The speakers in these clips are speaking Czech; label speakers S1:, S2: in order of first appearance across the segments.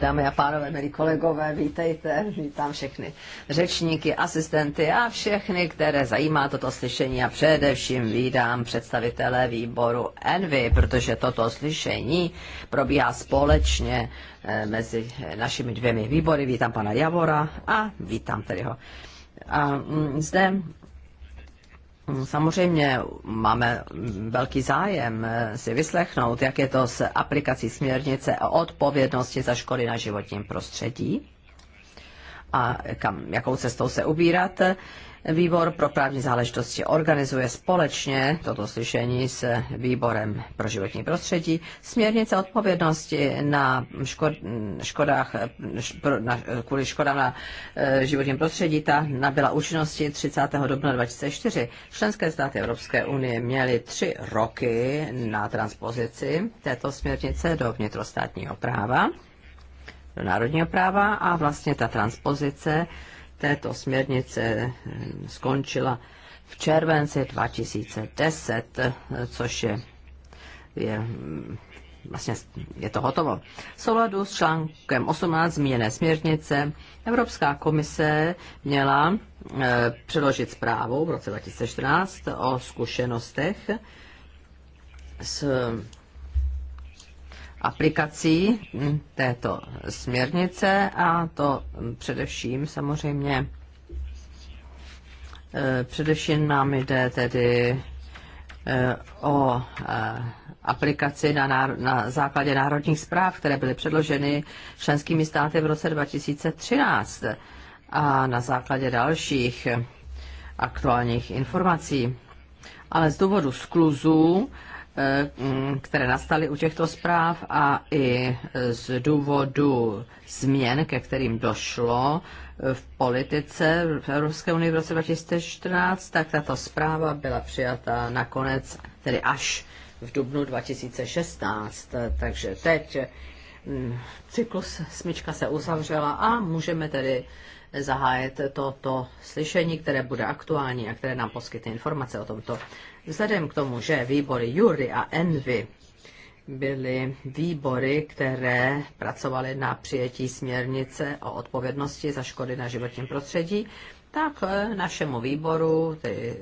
S1: Dámy a pánové, milí kolegové, vítejte, vítám všechny řečníky, asistenty a všechny, které zajímá toto slyšení a především vídám představitele výboru Envy, protože toto slyšení probíhá společně eh, mezi našimi dvěmi výbory. Vítám pana Javora a vítám tedy ho. A mm, zde Hmm, samozřejmě máme velký zájem eh, si vyslechnout, jak je to s aplikací směrnice o odpovědnosti za škody na životním prostředí a kam, jakou cestou se ubírat. Výbor pro právní záležitosti organizuje společně toto slyšení s Výborem pro životní prostředí. Směrnice odpovědnosti na škodách, na, kvůli škodám na e, životním prostředí ta nabyla účinnosti 30. dubna 2004. Členské státy Evropské unie měly tři roky na transpozici této směrnice do vnitrostátního práva, do národního práva a vlastně ta transpozice této směrnice eh, skončila v červenci 2010, eh, což je, je mm, vlastně je to hotovo. V souladu s článkem 18 zmíněné směrnice Evropská komise měla e, předložit zprávu v roce 2014 o zkušenostech s aplikací této směrnice a to především samozřejmě eh, především nám jde tedy eh, o eh, aplikaci na, náro, na základě národních zpráv, které byly předloženy členskými státy v roce 2013 a na základě dalších aktuálních informací. Ale z důvodu skluzů Eh, které nastaly u těchto zpráv a i z důvodu změn, ke kterým došlo v politice v Evropské unii v roce 2014, tak tato zpráva byla přijata nakonec, tedy až v dubnu 2016. Takže teď mm, cyklus smyčka se uzavřela a můžeme tedy zahájit toto slyšení, které bude aktuální a které nám poskytne informace o tomto Vzhledem k tomu, že výbory Jury a Envy byly výbory, které pracovaly na přijetí směrnice o odpovědnosti za škody na životním prostředí, tak eh, našemu výboru, tedy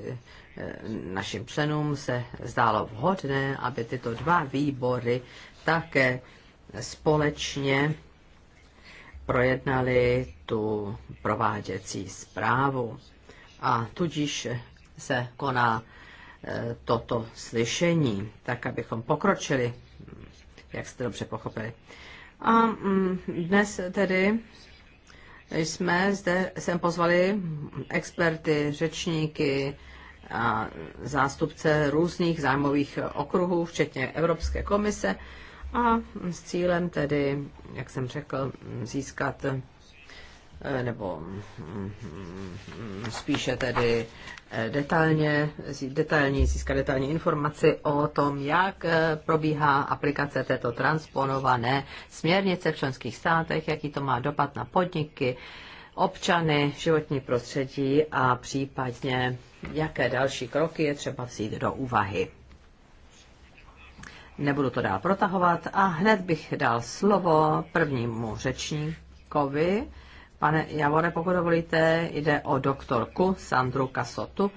S1: eh, našim členům se zdálo vhodné, aby tyto dva výbory také společně projednali tu prováděcí zprávu. A tudíž se koná toto slyšení, tak abychom pokročili, jak jste dobře pochopili. A mm, dnes tedy jsme zde sem pozvali experty, řečníky, a zástupce různých zájmových okruhů, včetně Evropské komise, a s cílem tedy, jak jsem řekl, získat Eh, nebo mm, mm, spíše tedy eh, detailně, detailní, získat detailní informaci o tom, jak eh, probíhá aplikace této transponované směrnice v členských státech, jaký to má dopad na podniky, občany, životní prostředí a případně jaké další kroky je třeba vzít do úvahy. Nebudu to dál protahovat a hned bych dal slovo prvnímu řečníkovi, Pane Javore, pokud dovolíte, jde o doktorku Sandru Kasotu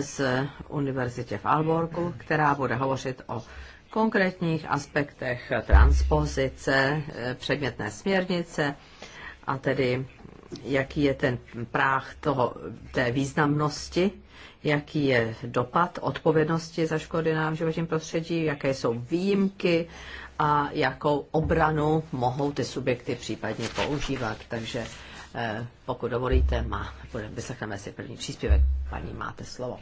S1: z Univerzitě v Alborku, která bude hovořit o konkrétních aspektech transpozice eh, předmětné směrnice a tedy jaký je ten práh toho, té významnosti, jaký je dopad odpovědnosti za škody na životním prostředí, jaké jsou výjimky a jakou obranu mohou ty subjekty případně používat. Takže Eh, pokud dovolíte, má, vyslechneme si první příspěvek. Paní, máte slovo.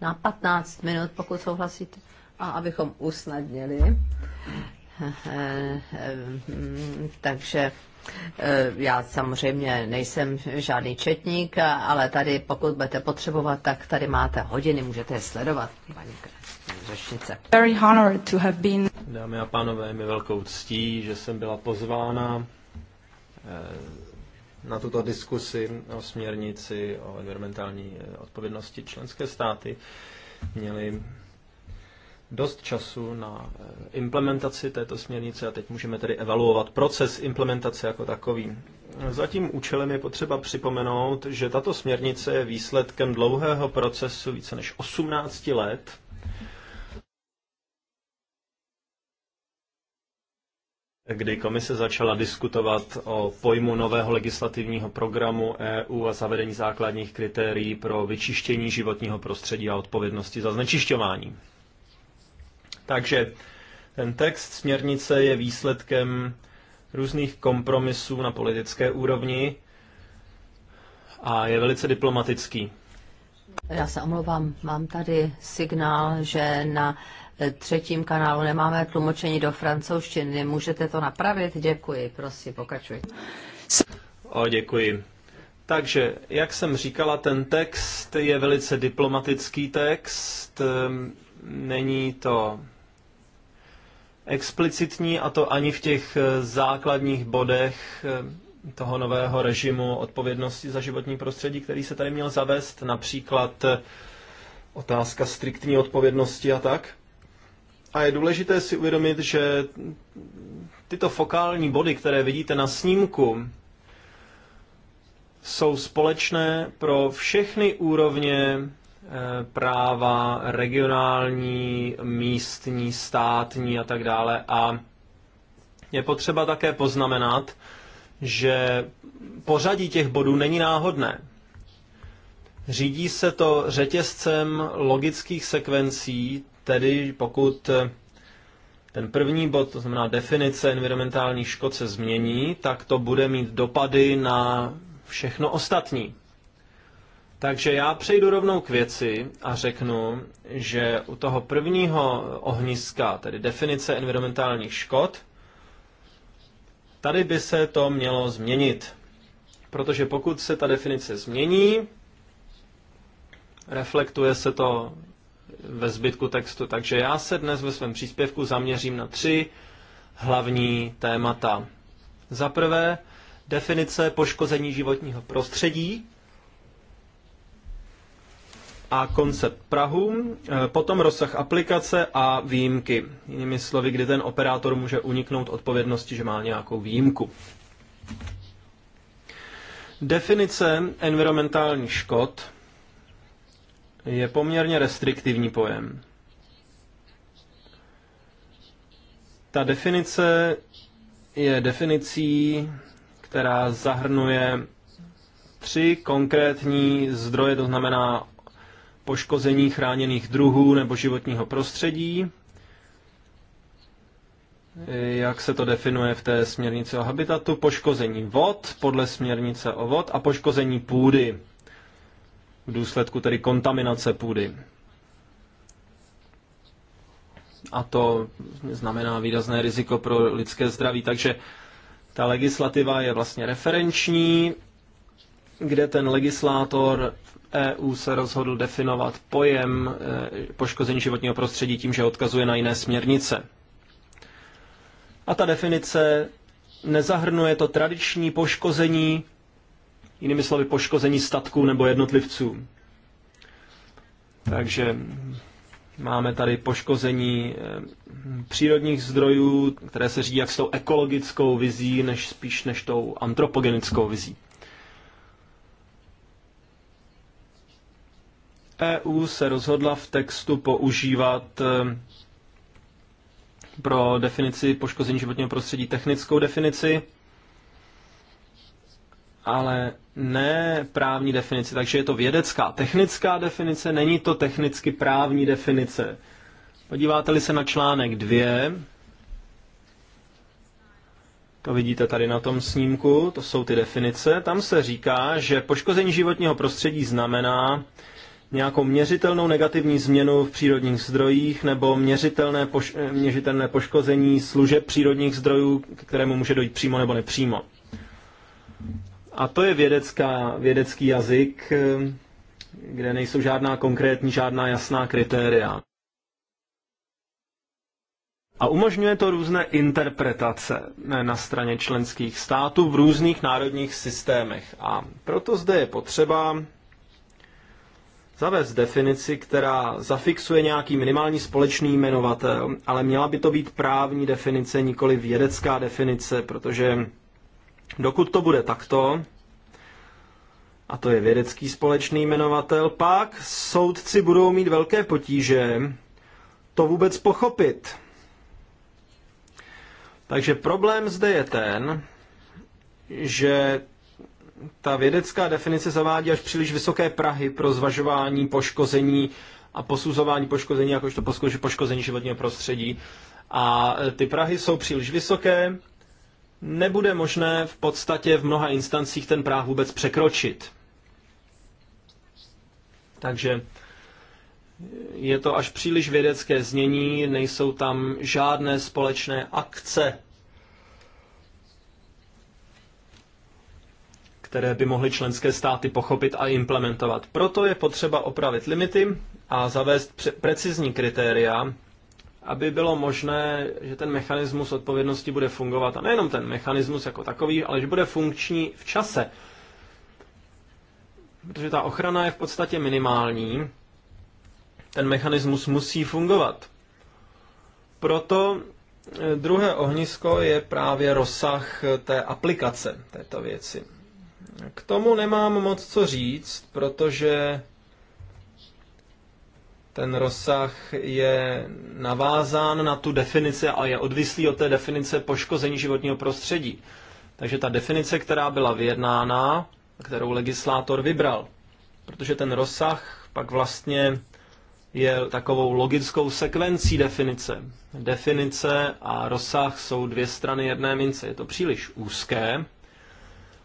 S1: Na 15 minut, pokud souhlasíte. A abychom usnadnili. Eh, eh, takže já samozřejmě nejsem žádný četník, ale tady pokud budete potřebovat, tak tady máte hodiny, můžete je sledovat, paní řečnice. Very honored to
S2: have been... Dámy a pánové, mi velkou ctí, že jsem byla pozvána na tuto diskusi o směrnici o environmentální eh, odpovědnosti členské státy měli dost času na eh, implementaci této směrnice a teď můžeme tedy evaluovat proces implementace jako takový. Za tím účelem je potřeba připomenout, že tato směrnice je výsledkem dlouhého procesu více než 18 let, kdy komise začala diskutovat o pojmu nového legislativního programu EU a zavedení základních kritérií pro vyčištění životního prostředí a odpovědnosti za znečišťování. Takže ten text směrnice je výsledkem různých kompromisů na politické úrovni a je velice diplomatický.
S1: Já se omlouvám, mám tady signál, že na eh, třetím kanálu nemáme tlumočení do francouzštiny. Můžete to napravit? Děkuji, prosím, pokračuj.
S2: O, děkuji. Takže, jak jsem říkala, ten text je velice diplomatický text, ehm, není to explicitní a to ani v těch eh, základních bodech, ehm, toho nového režimu odpovědnosti za životní prostředí, který se tady měl zavést, například eh, otázka striktní odpovědnosti a tak. A je důležité si uvědomit, že tyto fokální body, které vidíte na snímku, jsou společné pro všechny úrovně eh, práva regionální, místní, státní a tak dále. A je potřeba také poznamenat, že pořadí těch bodů není náhodné. Řídí se to řetězcem logických sekvencí, tedy pokud ten první bod, to znamená definice environmentálních škod, se změní, tak to bude mít dopady na všechno ostatní. Takže já přejdu rovnou k věci a řeknu, že u toho prvního ohniska, tedy definice environmentálních škod, Tady by se to mělo změnit, protože pokud se ta definice změní, reflektuje se to ve zbytku textu. Takže já se dnes ve svém příspěvku zaměřím na tři hlavní témata. Za prvé, definice poškození životního prostředí, a koncept Prahu, eh, potom rozsah aplikace a výjimky. Jinými slovy, kdy ten operátor může uniknout odpovědnosti, že má nějakou výjimku. Definice environmentální škod je poměrně restriktivní pojem. Ta definice je definicí, která zahrnuje tři konkrétní zdroje, to znamená poškození chráněných druhů nebo životního prostředí, jak se to definuje v té směrnici o habitatu, poškození vod podle směrnice o vod a poškození půdy v důsledku tedy kontaminace půdy. A to znamená výrazné riziko pro lidské zdraví. Takže ta legislativa je vlastně referenční, kde ten legislátor EU se rozhodl definovat pojem e, poškození životního prostředí tím, že odkazuje na jiné směrnice. A ta definice nezahrnuje to tradiční poškození, jinými slovy poškození statků nebo jednotlivců. Takže máme tady poškození e, přírodních zdrojů, které se řídí jak s tou ekologickou vizí, než spíš než tou antropogenickou vizí. EU se rozhodla v textu používat e, pro definici poškození životního prostředí technickou definici, ale ne právní definici. Takže je to vědecká technická definice, není to technicky právní definice. Podíváte-li se na článek 2, to vidíte tady na tom snímku, to jsou ty definice. Tam se říká, že poškození životního prostředí znamená, nějakou měřitelnou negativní změnu v přírodních zdrojích nebo měřitelné, poš- eh, měřitelné poškození služeb přírodních zdrojů, kterému může dojít přímo nebo nepřímo. A to je vědecká, vědecký jazyk, eh, kde nejsou žádná konkrétní, žádná jasná kritéria. A umožňuje to různé interpretace eh, na straně členských států v různých národních systémech. A proto zde je potřeba zavést definici, která zafixuje nějaký minimální společný jmenovatel, ale měla by to být právní definice, nikoli vědecká definice, protože dokud to bude takto, a to je vědecký společný jmenovatel, pak soudci budou mít velké potíže to vůbec pochopit. Takže problém zde je ten, že ta vědecká definice zavádí až příliš vysoké prahy pro zvažování poškození a posuzování poškození jakožto poškození životního prostředí. A e, ty prahy jsou příliš vysoké, nebude možné v podstatě v mnoha instancích ten práh vůbec překročit. Takže je to až příliš vědecké znění, nejsou tam žádné společné akce které by mohly členské státy pochopit a implementovat. Proto je potřeba opravit limity a zavést pře- precizní kritéria, aby bylo možné, že ten mechanismus odpovědnosti bude fungovat. A nejenom ten mechanismus jako takový, ale že bude funkční v čase. Protože ta ochrana je v podstatě minimální. Ten mechanismus musí fungovat. Proto eh, druhé ohnisko je právě rozsah eh, té aplikace této věci. K tomu nemám moc co říct, protože ten rozsah je navázán na tu definici a je odvislý od té definice poškození životního prostředí. Takže ta definice, která byla vyjednána, kterou legislátor vybral, protože ten rozsah pak vlastně je takovou logickou sekvencí definice. Definice a rozsah jsou dvě strany jedné mince. Je to příliš úzké,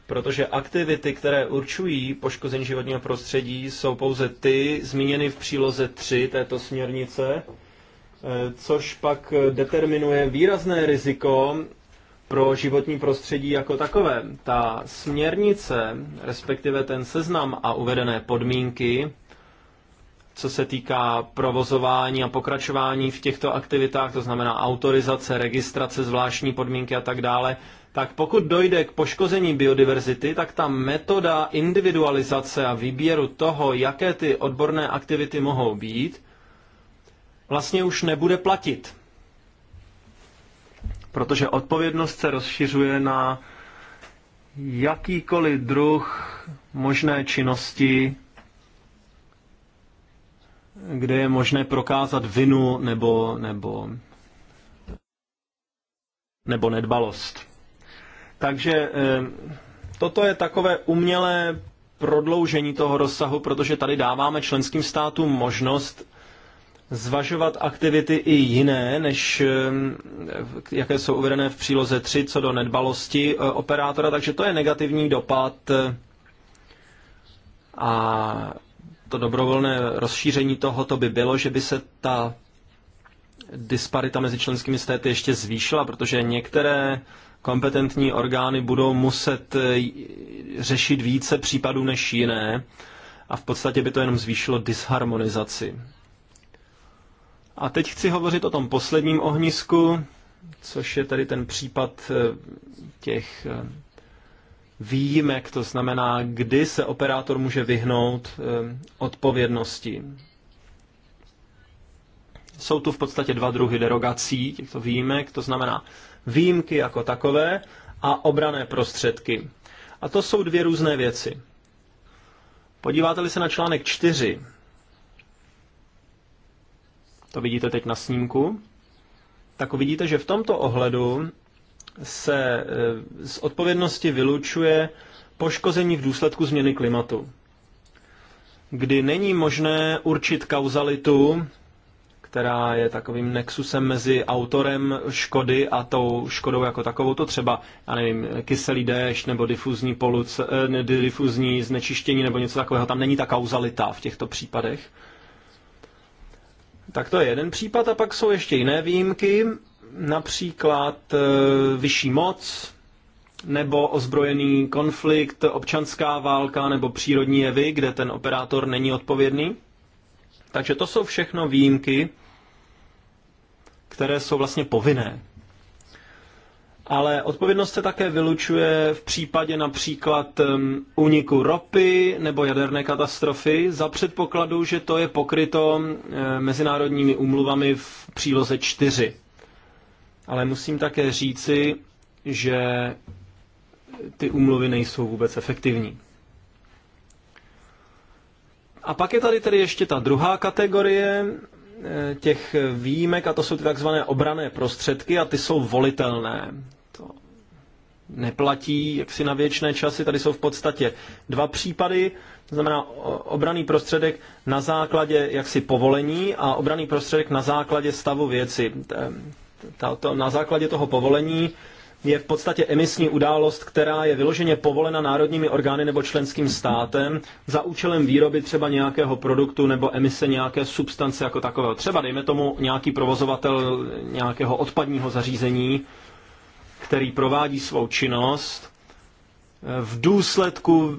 S2: protože aktivity, které určují poškození životního prostředí, jsou pouze ty zmíněny v příloze 3 této směrnice, eh, což pak determinuje výrazné riziko pro životní prostředí jako takové. Ta směrnice, respektive ten seznam a uvedené podmínky, co se týká provozování a pokračování v těchto aktivitách, to znamená autorizace, registrace, zvláštní podmínky a tak dále, tak pokud dojde k poškození biodiverzity, tak ta metoda individualizace a výběru toho, jaké ty odborné aktivity mohou být, vlastně už nebude platit. Protože odpovědnost se rozšiřuje na jakýkoliv druh možné činnosti, kde je možné prokázat vinu nebo, nebo, nebo nedbalost. Takže ehm, toto je takové umělé prodloužení toho rozsahu, protože tady dáváme členským státům možnost zvažovat aktivity i jiné, než ehm, jaké jsou uvedené v příloze 3, co do nedbalosti e, operátora, takže to je negativní dopad e, a to dobrovolné rozšíření tohoto by bylo, že by se ta disparita mezi členskými státy ještě zvýšila, protože některé kompetentní orgány budou muset eh, řešit více případů než jiné a v podstatě by to jenom zvýšilo disharmonizaci. A teď chci hovořit o tom posledním ohnisku, což je tady ten případ eh, těch eh, výjimek, to znamená, kdy se operátor může vyhnout odpovědnosti. Jsou tu v podstatě dva druhy derogací těchto výjimek, to znamená výjimky jako takové a obrané prostředky. A to jsou dvě různé věci. Podíváte-li se na článek 4, to vidíte teď na snímku, tak uvidíte, že v tomto ohledu se eh, z odpovědnosti vylučuje poškození v důsledku změny klimatu, kdy není možné určit kauzalitu která je takovým nexusem mezi autorem škody a tou škodou jako takovou. To třeba, já nevím, kyselý déšť nebo difuzní, poluc, eh, ne, difuzní znečištění nebo něco takového. Tam není ta kauzalita v těchto případech. Tak to je jeden případ a pak jsou ještě jiné výjimky, například eh, vyšší moc, nebo ozbrojený konflikt, občanská válka nebo přírodní jevy, kde ten operátor není odpovědný. Takže to jsou všechno výjimky, které jsou vlastně povinné. Ale odpovědnost se také vylučuje v případě například úniku ropy nebo jaderné katastrofy za předpokladu, že to je pokryto mezinárodními úmluvami v příloze 4. Ale musím také říci, že ty úmluvy nejsou vůbec efektivní. A pak je tady tedy ještě ta druhá kategorie eh, těch výjimek a to jsou ty takzvané obrané prostředky a ty jsou volitelné. To neplatí jaksi na věčné časy, tady jsou v podstatě dva případy, to znamená obraný prostředek na základě jaksi povolení a obraný prostředek na základě stavu věci. Na základě toho povolení je v podstatě emisní událost, která je vyloženě povolena národními orgány nebo členským státem za účelem výroby třeba nějakého produktu nebo emise nějaké substance jako takového. Třeba dejme tomu nějaký provozovatel nějakého odpadního zařízení, který provádí svou činnost v důsledku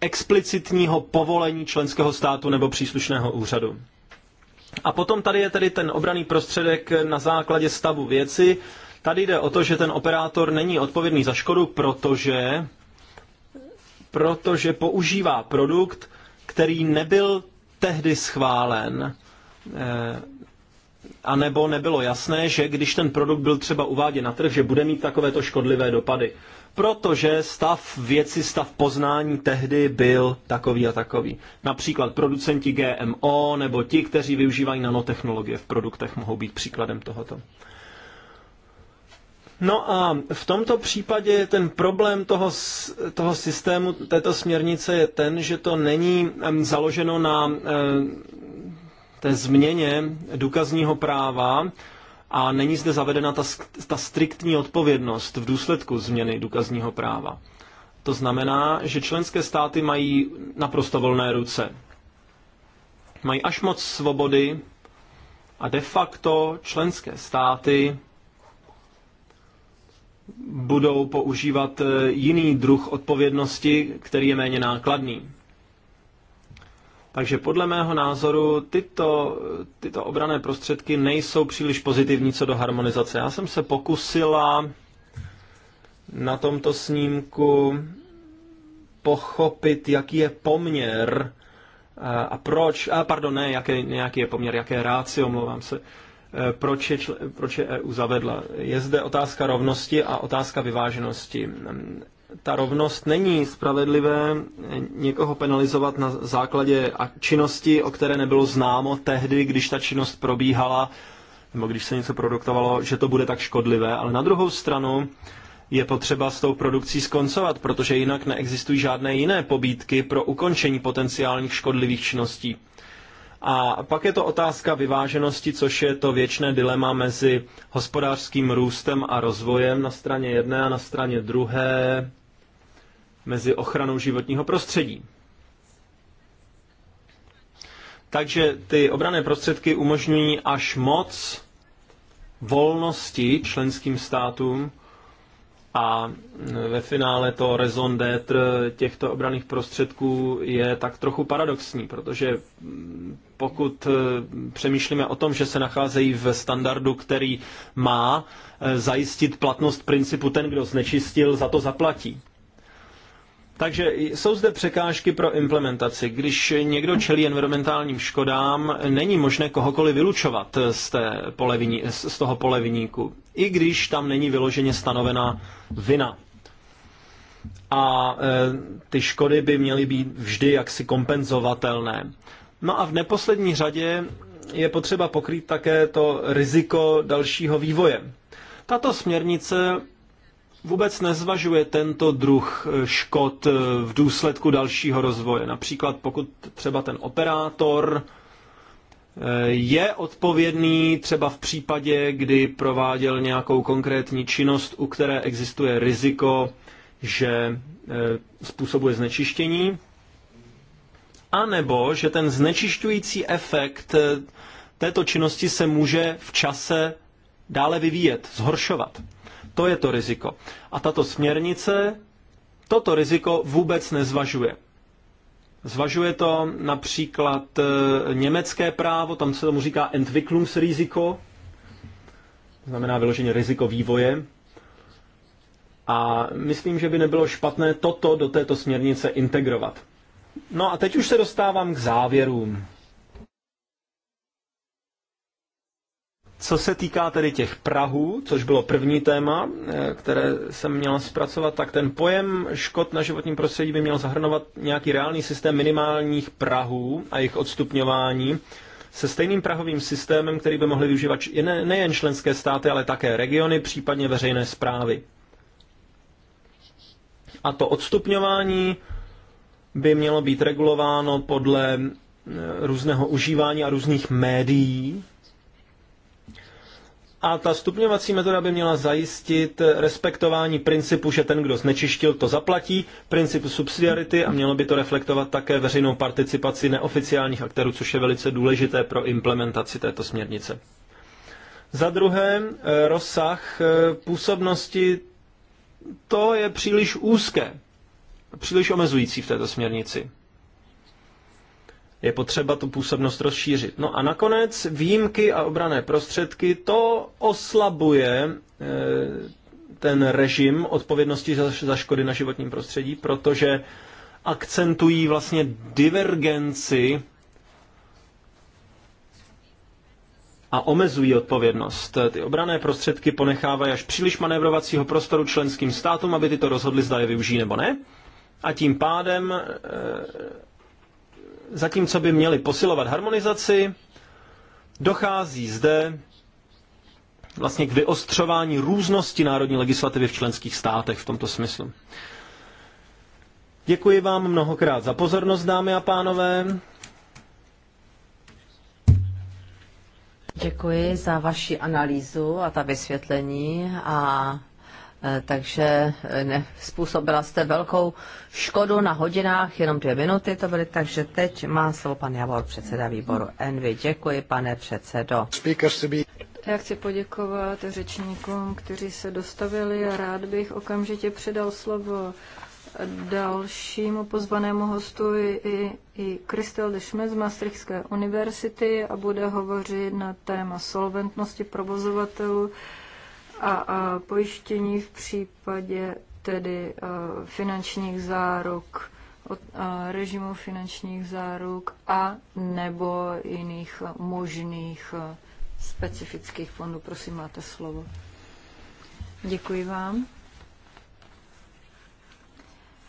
S2: explicitního povolení členského státu nebo příslušného úřadu. A potom tady je tedy ten obraný prostředek na základě stavu věci, Tady jde o to, že ten operátor není odpovědný za škodu, protože, protože používá produkt, který nebyl tehdy schválen. Eh, a nebo nebylo jasné, že když ten produkt byl třeba uváděn na trh, že bude mít takovéto škodlivé dopady. Protože stav věci, stav poznání tehdy byl takový a takový. Například producenti GMO nebo ti, kteří využívají nanotechnologie v produktech, mohou být příkladem tohoto. No a v tomto případě ten problém toho, toho systému, této směrnice je ten, že to není založeno na eh, té změně důkazního práva a není zde zavedena ta, ta striktní odpovědnost v důsledku změny důkazního práva. To znamená, že členské státy mají naprosto volné ruce. Mají až moc svobody a de facto členské státy budou používat eh, jiný druh odpovědnosti, který je méně nákladný. Takže podle mého názoru tyto, tyto obrané prostředky nejsou příliš pozitivní co do harmonizace. Já jsem se pokusila na tomto snímku pochopit, jaký je poměr eh, a proč, a eh, pardon, ne, jaký nějaký je poměr, jaké rácio, omlouvám se, Eh, proč je, proč je EU zavedla. Je zde otázka rovnosti a otázka vyváženosti. Hm, ta rovnost není spravedlivé eh, někoho penalizovat na základě činnosti, o které nebylo známo tehdy, když ta činnost probíhala, nebo když se něco produktovalo, že to bude tak škodlivé. Ale na druhou stranu je potřeba s tou produkcí skoncovat, protože jinak neexistují žádné jiné pobídky pro ukončení potenciálních škodlivých činností. A pak je to otázka vyváženosti, což je to věčné dilema mezi hospodářským růstem a rozvojem na straně jedné a na straně druhé, mezi ochranou životního prostředí. Takže ty obrané prostředky umožňují až moc volnosti členským státům a ve finále to raison d'être těchto obraných prostředků je tak trochu paradoxní, protože pokud eh, přemýšlíme o tom, že se nacházejí v standardu, který má eh, zajistit platnost principu ten, kdo znečistil, za to zaplatí. Takže jsou zde překážky pro implementaci. Když někdo čelí environmentálním škodám, není možné kohokoliv vylučovat z, té poleviní, z toho poleviníku, i když tam není vyloženě stanovena vina. A e, ty škody by měly být vždy jaksi kompenzovatelné. No a v neposlední řadě je potřeba pokrýt také to riziko dalšího vývoje. Tato směrnice vůbec nezvažuje tento druh škod v důsledku dalšího rozvoje. Například pokud třeba ten operátor eh, je odpovědný třeba v případě, kdy prováděl nějakou konkrétní činnost, u které existuje riziko, že eh, způsobuje znečištění, anebo že ten znečišťující efekt eh, této činnosti se může v čase dále vyvíjet, zhoršovat. To je to riziko. A tato směrnice toto riziko vůbec nezvažuje. Zvažuje to například eh, německé právo, tam se tomu říká Entwicklungsrisiko, znamená vyloženě riziko vývoje. A myslím, že by nebylo špatné toto do této směrnice integrovat. No a teď už se dostávám k závěrům. Co se týká tedy těch Prahů, což bylo první téma, eh, které jsem měl zpracovat, tak ten pojem škod na životním prostředí by měl zahrnovat nějaký reálný systém minimálních Prahů a jejich odstupňování se stejným prahovým systémem, který by mohly využívat nejen členské státy, ale také regiony, případně veřejné zprávy. A to odstupňování by mělo být regulováno podle eh, různého užívání a různých médií. A ta stupňovací metoda by měla zajistit respektování principu, že ten, kdo znečištil, to zaplatí, principu subsidiarity a mělo by to reflektovat také veřejnou participaci neoficiálních aktérů, což je velice důležité pro implementaci této směrnice. Za druhé, eh, rozsah eh, působnosti, to je příliš úzké příliš omezující v této směrnici. Je potřeba tu působnost rozšířit. No a nakonec výjimky a obrané prostředky, to oslabuje e, ten režim odpovědnosti za škody na životním prostředí, protože akcentují vlastně divergenci a omezují odpovědnost. Ty obrané prostředky ponechávají až příliš manévrovacího prostoru členským státům, aby tyto rozhodly zda je využijí nebo ne. A tím pádem, eh, zatímco by měli posilovat harmonizaci, dochází zde vlastně k vyostřování různosti národní legislativy v členských státech v tomto smyslu. Děkuji vám mnohokrát za pozornost, dámy a pánové.
S1: Děkuji za vaši analýzu a ta vysvětlení a Eh, takže eh, ne, způsobila jste velkou škodu na hodinách, jenom dvě minuty to byly, takže teď má slovo pan Javor, předseda výboru Envy. Děkuji, pane předsedo.
S3: Já chci poděkovat řečníkům, kteří se dostavili a rád bych okamžitě předal slovo dalšímu pozvanému hostu i, i, i Kristel Dešme z Maastrichtské univerzity a bude hovořit na téma solventnosti provozovatelů a, a pojištění v případě tedy e, finančních záruk, od e, režimu finančních záruk a nebo jiných možných e, specifických fondů. Prosím, máte slovo. Děkuji vám.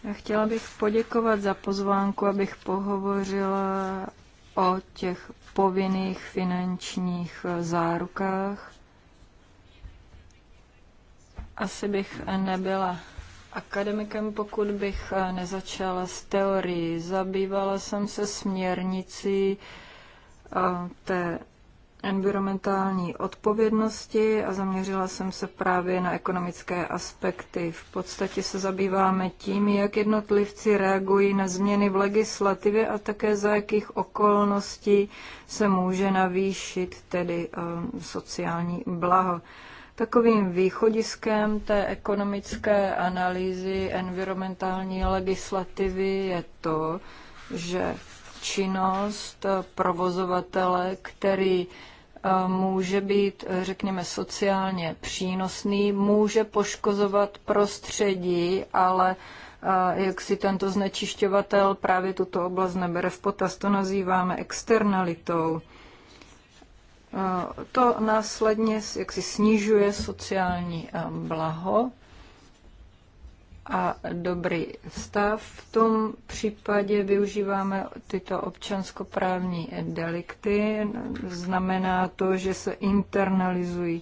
S3: Já chtěla bych poděkovat za pozvánku, abych pohovořila o těch povinných finančních zárukách asi bych nebyla akademikem, pokud bych eh, nezačala s teorií. Zabývala jsem se směrnicí eh, té environmentální odpovědnosti a zaměřila jsem se právě na ekonomické aspekty. V podstatě se zabýváme tím, jak jednotlivci reagují na změny v legislativě a také za jakých okolností se může navýšit tedy eh, sociální blaho. Takovým východiskem té ekonomické analýzy environmentální legislativy je to, že činnost provozovatele, který eh, může být, řekněme, sociálně přínosný, může poškozovat prostředí, ale eh, jak si tento znečišťovatel právě tuto oblast nebere v potaz, to nazýváme externalitou. To následně jak si snižuje sociální eh, blaho a dobrý stav. V tom případě využíváme tyto občanskoprávní eh, delikty. Znamená to, že se internalizují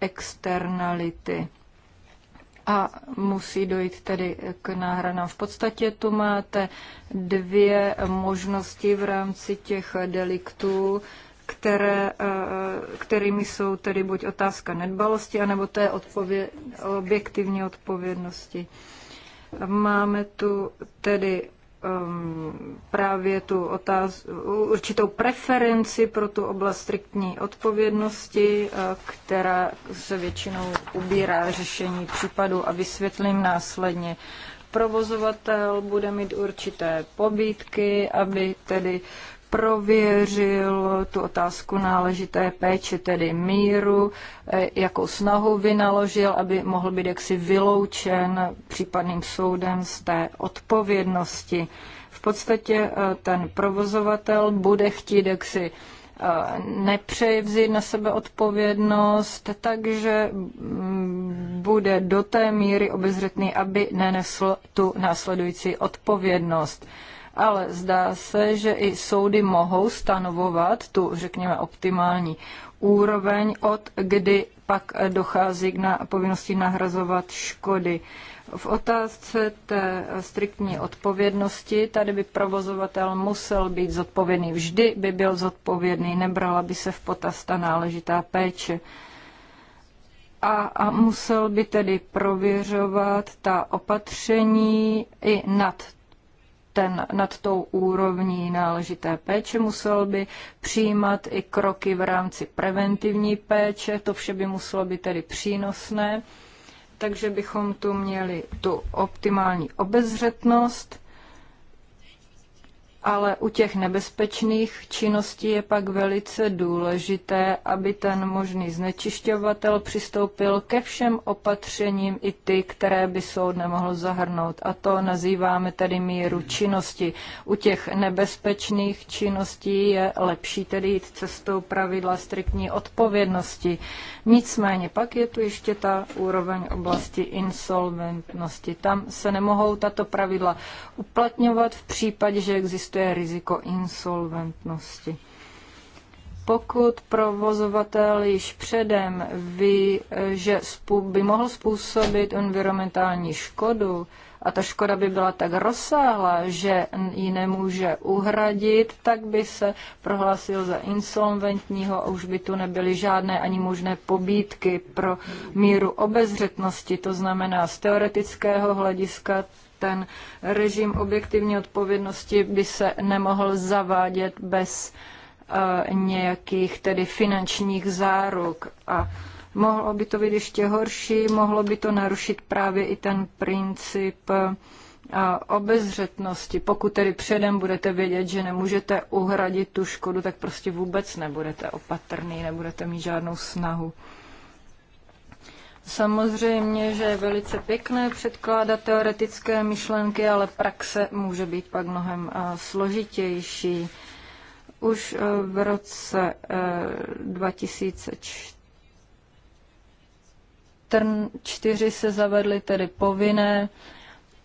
S3: externality a musí dojít tedy eh, k náhradám. V podstatě tu máte dvě možnosti v rámci těch deliktů které, eh, eh, kterými jsou tedy buď otázka nedbalosti, anebo té odpověd, objektivní odpovědnosti. Máme tu tedy um, právě tu otáz, určitou preferenci pro tu oblast striktní odpovědnosti, eh, která se většinou ubírá řešení případu a vysvětlím následně. Provozovatel bude mít určité pobídky, aby tedy uh, prověřil tu otázku náležité péče, tedy míru, e, jakou snahu vynaložil, aby mohl být jaksi vyloučen případným soudem z té odpovědnosti. V podstatě e, ten provozovatel bude chtít jaksi e, nepřeje vzít na sebe odpovědnost, takže mm, bude do té míry obezřetný, aby nenesl tu následující odpovědnost ale zdá se, že i soudy mohou stanovovat tu, řekněme, optimální úroveň, od kdy pak dochází k na, povinnosti nahrazovat škody. V otázce té striktní odpovědnosti, tady by provozovatel musel být zodpovědný. Vždy by byl zodpovědný, nebrala by se v potaz ta náležitá péče. A, a musel by tedy prověřovat ta opatření i nad ten, nad tou úrovní náležité péče, musel by přijímat i kroky v rámci preventivní péče, to vše by muselo být tedy přínosné, takže bychom tu měli tu optimální obezřetnost ale u těch nebezpečných činností je pak velice důležité, aby ten možný znečišťovatel přistoupil ke všem opatřením i ty, které by soud nemohl zahrnout. A to nazýváme tedy míru činnosti. U těch nebezpečných činností je lepší tedy jít cestou pravidla striktní odpovědnosti. Nicméně pak je tu ještě ta úroveň oblasti insolventnosti. Tam se nemohou tato pravidla uplatňovat v případě, že existuje existuje riziko insolventnosti. Pokud provozovatel již předem ví, že by mohl způsobit environmentální škodu a ta škoda by byla tak rozsáhlá, že ji nemůže uhradit, tak by se prohlásil za insolventního a už by tu nebyly žádné ani možné pobídky pro míru obezřetnosti. To znamená, z teoretického hlediska ten režim objektivní odpovědnosti by se nemohl zavádět bez eh, nějakých tedy finančních záruk. A mohlo by to být ještě horší, mohlo by to narušit právě i ten princip eh, obezřetnosti. Pokud tedy předem budete vědět, že nemůžete uhradit tu škodu, tak prostě vůbec nebudete opatrný, nebudete mít žádnou snahu. Samozřejmě, že je velice pěkné předkládat teoretické myšlenky, ale praxe může být pak mnohem eh, složitější. Už eh, v roce 2004 eh, se zavedly tedy povinné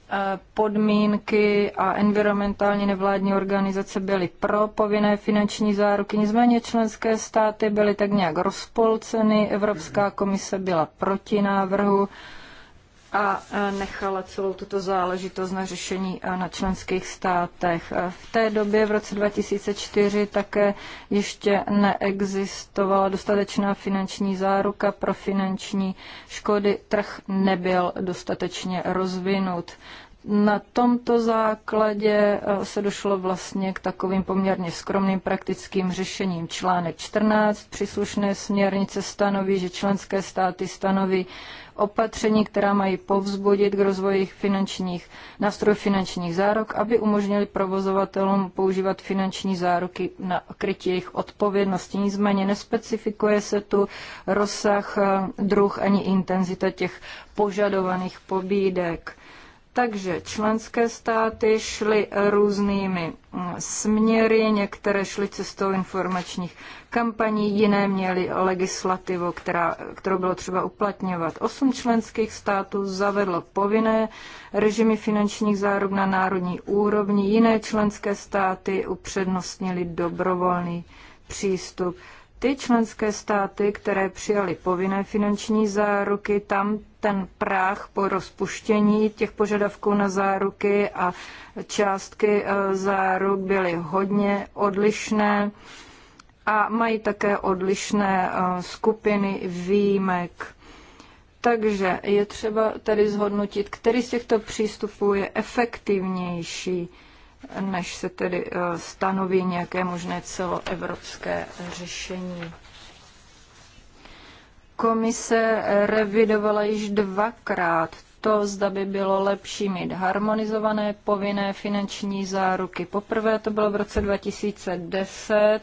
S3: Eh, podmínky a environmentální nevládní organizace byly pro povinné finanční záruky, nicméně členské státy byly tak nějak rozpolceny, Evropská komise byla proti návrhu a e, nechala celou tuto záležitost na řešení e, na členských státech. E, v té době, v roce 2004, také ještě neexistovala dostatečná finanční záruka pro finanční škody. Trh nebyl dostatečně rozvinut na tomto základě eh, se došlo vlastně k takovým poměrně skromným praktickým řešením. Článek 14 příslušné směrnice stanoví, že členské státy stanoví opatření, která mají povzbudit k rozvoji finančních nástrojů finančních zárok, aby umožnili provozovatelům používat finanční záruky na krytí jejich odpovědnosti. Nicméně nespecifikuje se tu rozsah, eh, druh ani intenzita těch požadovaných pobídek. Takže členské státy šly různými mm, směry, některé šly cestou informačních kampaní, jiné měly legislativu, která, kterou bylo třeba uplatňovat. Osm členských států zavedlo povinné režimy finančních záruk na národní úrovni, jiné členské státy upřednostnili dobrovolný přístup ty členské státy, které přijaly povinné finanční záruky, tam ten práh po rozpuštění těch požadavků na záruky a částky e, záruk byly hodně odlišné a mají také odlišné e, skupiny výjimek. Takže je třeba tady zhodnotit, který z těchto přístupů je efektivnější než se tedy eh, stanoví nějaké možné celoevropské řešení. Komise revidovala již dvakrát to, zda by bylo lepší mít harmonizované povinné finanční záruky. Poprvé to bylo v roce 2010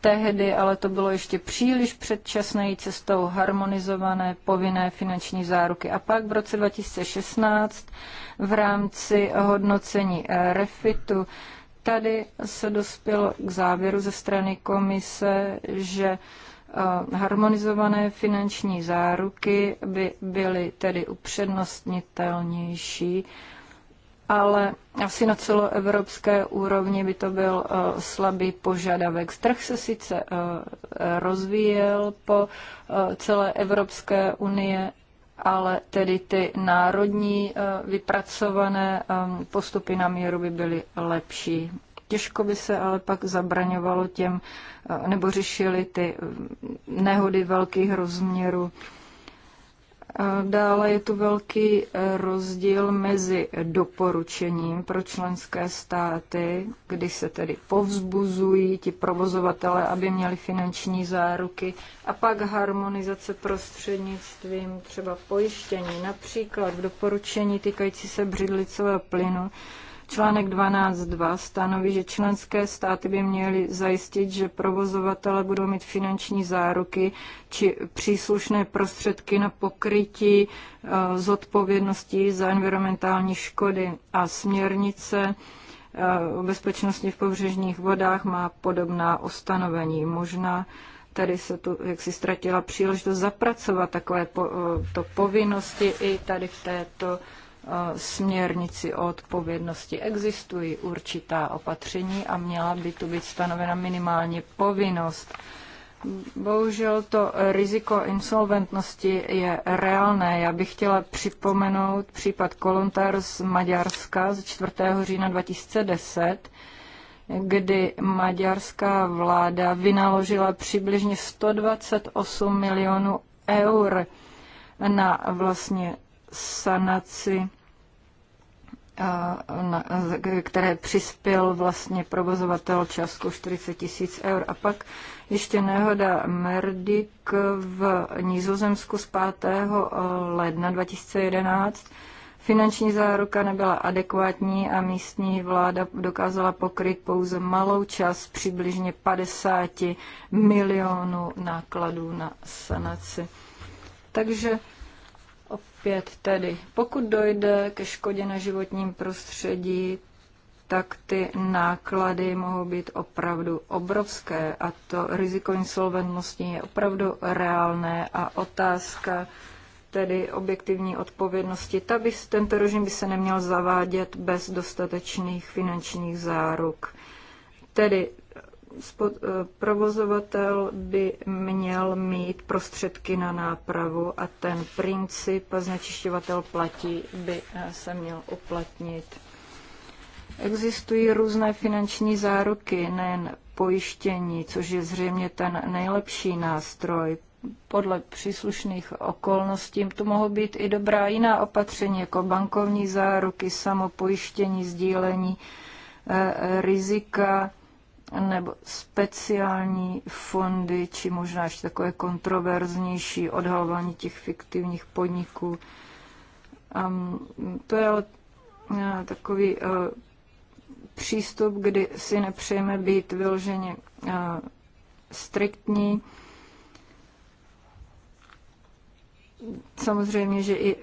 S3: tehdy, ale to bylo ještě příliš předčasné cestou harmonizované povinné finanční záruky. A pak v roce 2016 v rámci hodnocení eh, refitu tady se dospělo k závěru ze strany komise, že eh, harmonizované finanční záruky by byly tedy upřednostnitelnější ale asi na celoevropské úrovni by to byl eh, slabý požadavek. Trh se sice eh, rozvíjel po eh, celé Evropské unie, ale tedy ty národní vypracované ehm, postupy na míru by byly lepší. Těžko by se ale pak zabraňovalo těm, nebo řešili ty nehody velkých rozměrů Dále je tu velký eh, rozdíl mezi doporučením pro členské státy, kdy se tedy povzbuzují ti provozovatele, aby měli finanční záruky, a pak harmonizace prostřednictvím třeba pojištění. Například v doporučení týkající se břidlicového plynu Článek 12.2 stanoví, že členské státy by měly zajistit, že provozovatele budou mít finanční záruky či příslušné prostředky na pokrytí eh, odpovědností za environmentální škody a směrnice eh, o bezpečnosti v pobřežních vodách má podobná ustanovení. Možná tady se tu jak si ztratila příležitost zapracovat takové po, eh, to povinnosti i tady v této E, směrnici o odpovědnosti existují určitá opatření a měla by tu být stanovena minimálně povinnost. Bohužel to riziko insolventnosti je reálné. Já bych chtěla připomenout případ Kolontar z Maďarska z 4. října 2010, kdy maďarská vláda vynaložila přibližně 128 milionů eur na vlastně sanaci které přispěl vlastně provozovatel částku 40 tisíc eur. A pak ještě nehoda Merdik v nízozemsku z 5. Eh, ledna 2011. Finanční záruka nebyla adekvátní a místní vláda dokázala pokryt pouze malou část, přibližně 50 milionů nákladů na sanaci. Takže 5 tedy. Pokud dojde ke škodě na životním prostředí, tak ty náklady mohou být opravdu obrovské a to riziko insolventnosti je opravdu reálné a otázka tedy objektivní odpovědnosti, ta by, tento režim by se neměl zavádět bez dostatečných finančních záruk. Tedy spod, eh, provozovatel by měl mít prostředky na nápravu a ten princip znečišťovatel platí by eh, se měl uplatnit. Existují různé finanční záruky, nejen pojištění, což je zřejmě ten nejlepší nástroj. Podle příslušných okolností to mohou být i dobrá jiná opatření, jako bankovní záruky, samopojištění, sdílení eh, rizika nebo speciální fondy, či možná ještě takové kontroverznější odhalování těch fiktivních podniků. Um, to je ale eh, takový uh, přístup, kdy si nepřejeme být vyloženě uh, striktní. Samozřejmě, že i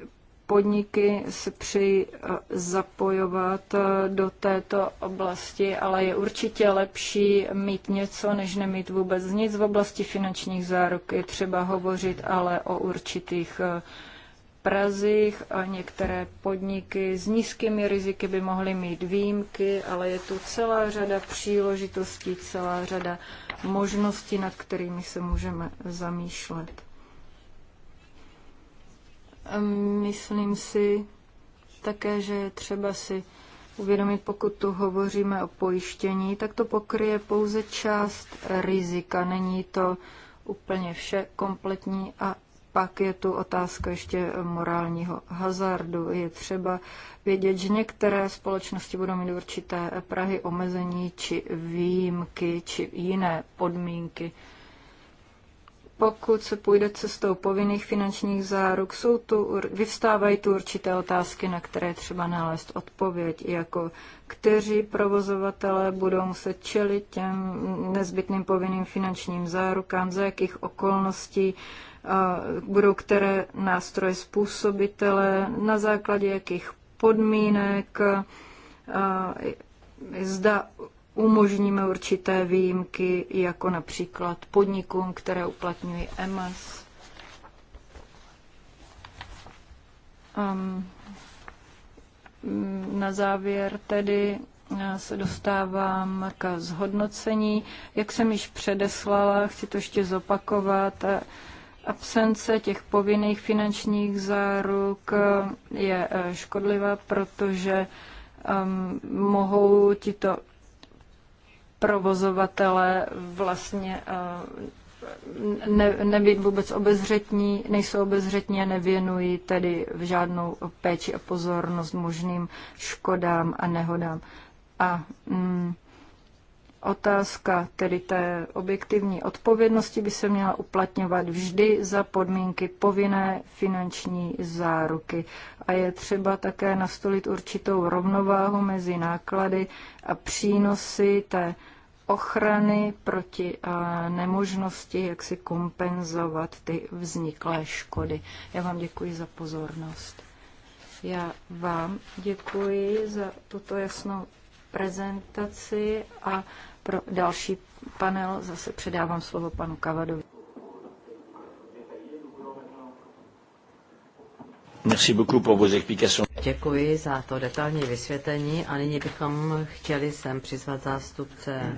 S3: podniky se přeji eh, zapojovat eh, do této oblasti, ale je určitě lepší mít něco, než nemít vůbec nic. V oblasti finančních záruk je třeba hovořit ale o určitých eh, Prazích a některé podniky s nízkými riziky by mohly mít výjimky, ale je tu celá řada příležitostí, celá řada možností, nad kterými se můžeme zamýšlet. Myslím si také, že je třeba si uvědomit, pokud tu hovoříme o pojištění, tak to pokryje pouze část rizika. Není to úplně vše kompletní a pak je tu otázka ještě morálního hazardu. Je třeba vědět, že některé společnosti budou mít určité prahy omezení či výjimky či jiné podmínky pokud se půjde cestou povinných finančních záruk, jsou tu, vyvstávají tu určité otázky, na které třeba nalézt odpověď, jako kteří provozovatelé budou muset čelit těm nezbytným povinným finančním zárukám, za jakých okolností budou které nástroje způsobitele, na základě jakých podmínek, zda umožníme určité výjimky, jako například podnikům, které uplatňují EMAS. Um, mm, na závěr tedy eh, se dostávám k zhodnocení. Jak jsem již předeslala, chci to ještě zopakovat, eh, absence těch povinných finančních záruk eh, je škodlivá, protože um, mohou tito provozovatele vlastně eh, ne, nebýt vůbec obezřetní, nejsou obezřetní a nevěnují tedy v žádnou péči a pozornost možným škodám a nehodám. A mm, Otázka tedy té objektivní odpovědnosti by se měla uplatňovat vždy za podmínky povinné finanční záruky. A je třeba také nastolit určitou rovnováhu mezi náklady a přínosy té ochrany proti nemožnosti, jak si kompenzovat ty vzniklé škody. Já vám děkuji za pozornost. Já vám děkuji za tuto jasnou prezentaci a pro další panel zase předávám slovo panu Kavadovi.
S1: Děkuji za to detailní vysvětlení a nyní bychom chtěli sem přizvat zástupce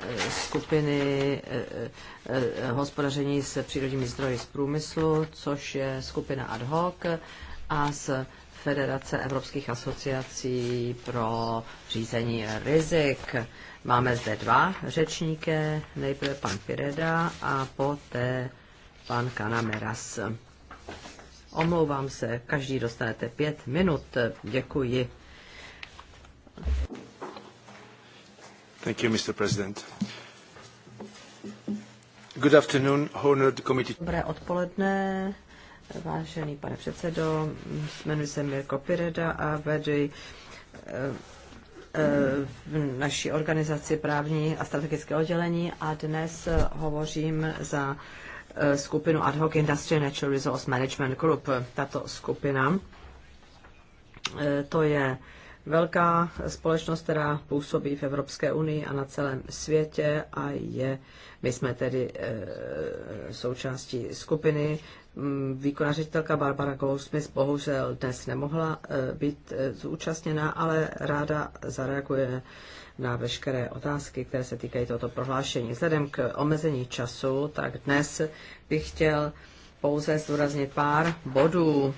S1: eh, skupiny eh, eh, hospodaření s přírodními zdroji z průmyslu, což je skupina ad hoc a z Federace evropských asociací pro řízení rizik. Máme zde dva řečníky, nejprve pan Pireda a poté pan Kanameras. Omlouvám se, každý dostanete pět minut. Děkuji. Thank you, Mr. President. Good afternoon, honored committee. Dobré odpoledne, vážený pane předsedo. Jmenuji se Mirko Pireda a vedu eh, v naší organizaci právní a strategické oddělení a dnes eh, hovořím za eh, skupinu ad hoc Industrial Natural Resource Management Group. Tato skupina eh, to je velká společnost, která působí v Evropské unii a na celém světě a je, my jsme tedy e, součástí skupiny, Mm, výkonná ředitelka Barbara Goldsmith bohužel dnes nemohla eh, být eh, zúčastněna, ale ráda zareaguje na veškeré otázky, které se týkají tohoto prohlášení. Vzhledem k omezení času, tak dnes bych chtěl pouze zdůraznit pár bodů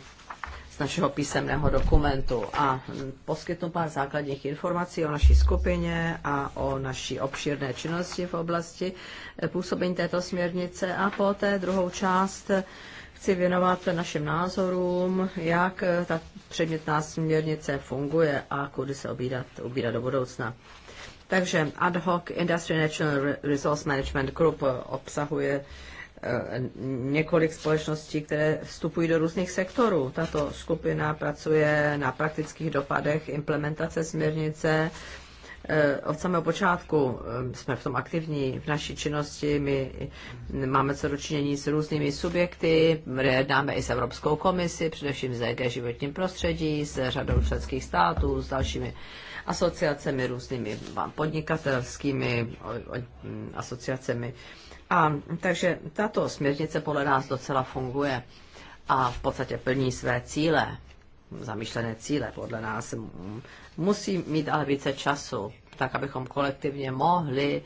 S1: z našeho písemného dokumentu a poskytnu pár základních informací o naší skupině a o naší obšírné činnosti v oblasti působení této směrnice a poté druhou část chci věnovat našim názorům, jak ta předmětná směrnice funguje a kudy se obídat, obídat do budoucna. Takže ad hoc Industry National Resource Management Group obsahuje eh, několik společností, které vstupují do různých sektorů. Tato skupina pracuje na praktických dopadech implementace směrnice, Eh, od samého počátku eh, jsme v tom aktivní, v naší činnosti. My máme co dočinění s různými subjekty, jednáme i s Evropskou komisi, především s EG životním prostředí, s řadou členských států, s dalšími asociacemi, různými podnikatelskými asociacemi. A takže tato směrnice podle nás docela funguje a v podstatě plní své cíle zamýšlené cíle, podle nás. Musí mít ale více času, tak abychom kolektivně mohli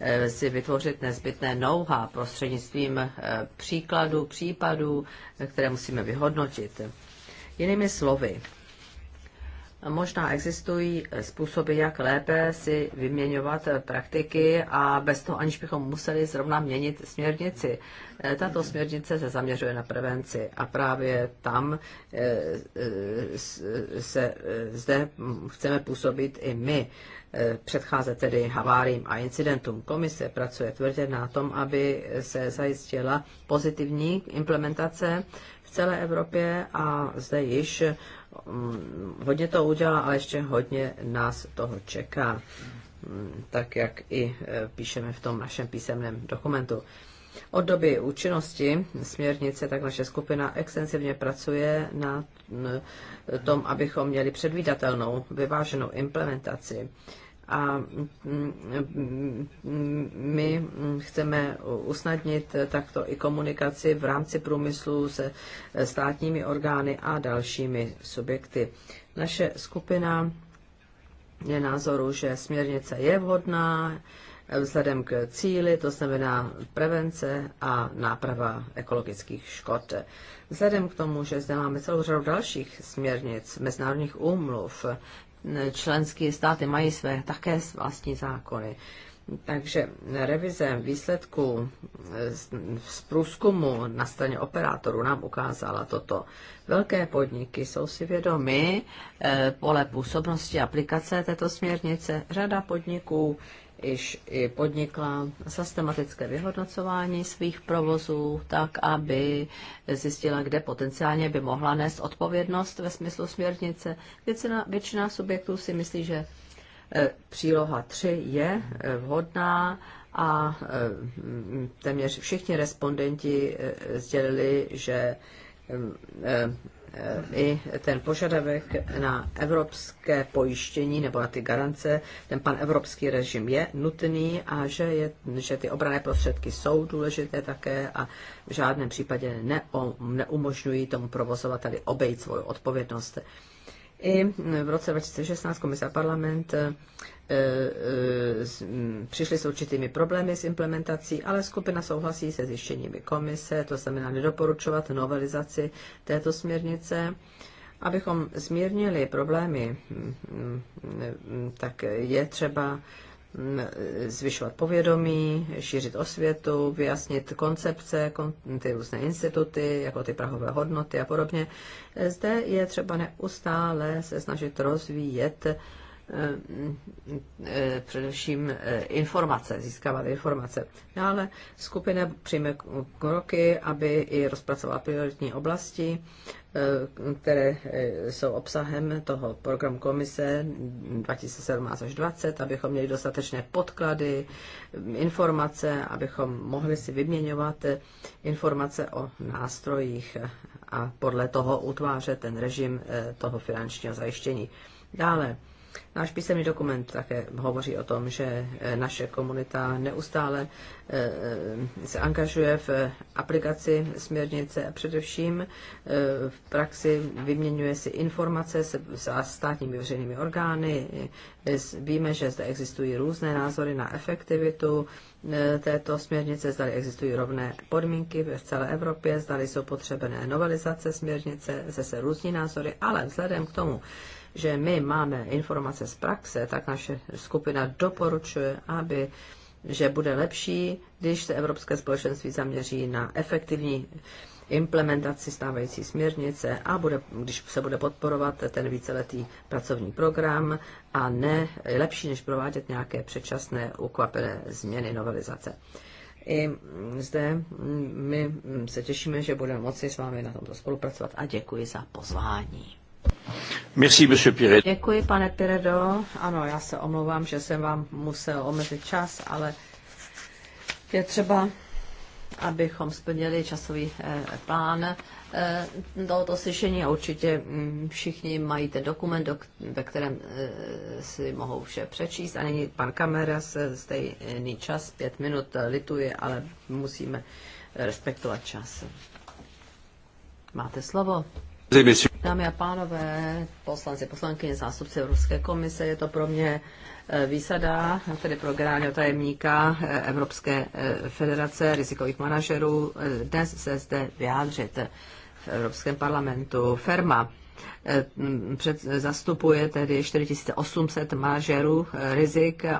S1: eh, si vytvořit nezbytné nouha prostřednictvím eh, příkladů, případů, eh, které musíme vyhodnotit. Jinými slovy, Možná existují způsoby, jak lépe si vyměňovat praktiky a bez toho, aniž bychom museli zrovna měnit směrnici. Eh, tato směrnice se zaměřuje na prevenci a právě tam eh, eh, se zde chceme působit i my, předcházet tedy haváriím a incidentům. Komise pracuje tvrdě na tom, aby se zajistila pozitivní implementace v celé Evropě a zde již Mm, hodně to udělá, ale ještě hodně nás toho čeká, mm, tak jak i e, píšeme v tom našem písemném dokumentu. Od doby účinnosti směrnice tak naše skupina extensivně pracuje na mm, tom, abychom měli předvídatelnou, vyváženou implementaci. A my chceme usnadnit takto i komunikaci v rámci průmyslu se státními orgány a dalšími subjekty. Naše skupina je názoru, že směrnice je vhodná vzhledem k cíli, to znamená prevence a náprava ekologických škod. Vzhledem k tomu, že zde máme celou řadu dalších směrnic, mezinárodních úmluv, členské státy mají své také vlastní zákony. Takže revize výsledků z průzkumu na straně operátorů nám ukázala toto. Velké podniky jsou si vědomy eh, pole působnosti aplikace této směrnice. Řada podniků již i podnikla systematické vyhodnocování svých provozů tak, aby zjistila, kde potenciálně by mohla nést odpovědnost ve smyslu směrnice. Většina, většina subjektů si myslí, že E, příloha 3 je e, vhodná a e, téměř všichni respondenti sdělili, že i ten požadavek na evropské pojištění nebo na ty garance, ten pan evropský režim je nutný a že, je, že ty obrané prostředky jsou důležité také a v žádném případě ne, neumožňují tomu provozovateli obejít svou odpovědnost. I v roce 2016 komise a parlament e, e, přišli s určitými problémy s implementací, ale skupina souhlasí se zjištěními komise, to znamená nedoporučovat novelizaci této směrnice. Abychom zmírnili problémy, tak je třeba zvyšovat povědomí, šířit osvětu, vyjasnit koncepce, ty různé instituty, jako ty prahové hodnoty a podobně. Zde je třeba neustále se snažit rozvíjet Eh, eh, především eh, informace, získávat informace. Dále skupina přijme kroky, aby i rozpracovala prioritní oblasti, které jsou obsahem toho programu komise 2017 až 2020, abychom měli dostatečné podklady, informace, abychom mohli si vyměňovat informace o nástrojích a podle toho utvářet ten režim toho finančního zajištění. Dále Náš písemný dokument také hovoří o tom, že eh, naše komunita neustále eh, se angažuje v aplikaci směrnice a především eh, v praxi vyměňuje si informace se státními veřejnými orgány. Víme, že zde existují různé názory na efektivitu E, této směrnice, zdali existují rovné podmínky v celé Evropě, zdali jsou potřebné novelizace směrnice, zase se různí názory, ale vzhledem k tomu, že my máme informace z praxe, tak naše skupina doporučuje, aby že bude lepší, když se Evropské společenství zaměří na efektivní implementaci stávající směrnice a bude, když se bude podporovat ten víceletý pracovní program a ne lepší, než provádět nějaké předčasné ukvapené změny novelizace. I zde my se těšíme, že budeme moci s vámi na tomto spolupracovat a děkuji za pozvání. Merci, Děkuji, pane Piredo. Ano, já se omlouvám, že jsem vám musel omezit čas, ale je třeba abychom splnili časový eh, plán eh, tohoto slyšení a určitě mm, všichni mají ten dokument, ve kterém eh, si mohou vše přečíst. A nyní pan Kamera se stejný čas, pět minut lituje, ale musíme respektovat čas. Máte slovo. Dámy a pánové, poslanci, poslankyně, zástupci Evropské komise, je to pro mě Eh, výsada, tedy pro generálního tajemníka eh, Evropské eh, federace rizikových manažerů, dnes se zde vyjádřit v Evropském parlamentu. Ferma Eh, před, zastupuje tedy 4800 mážerů eh, rizik eh,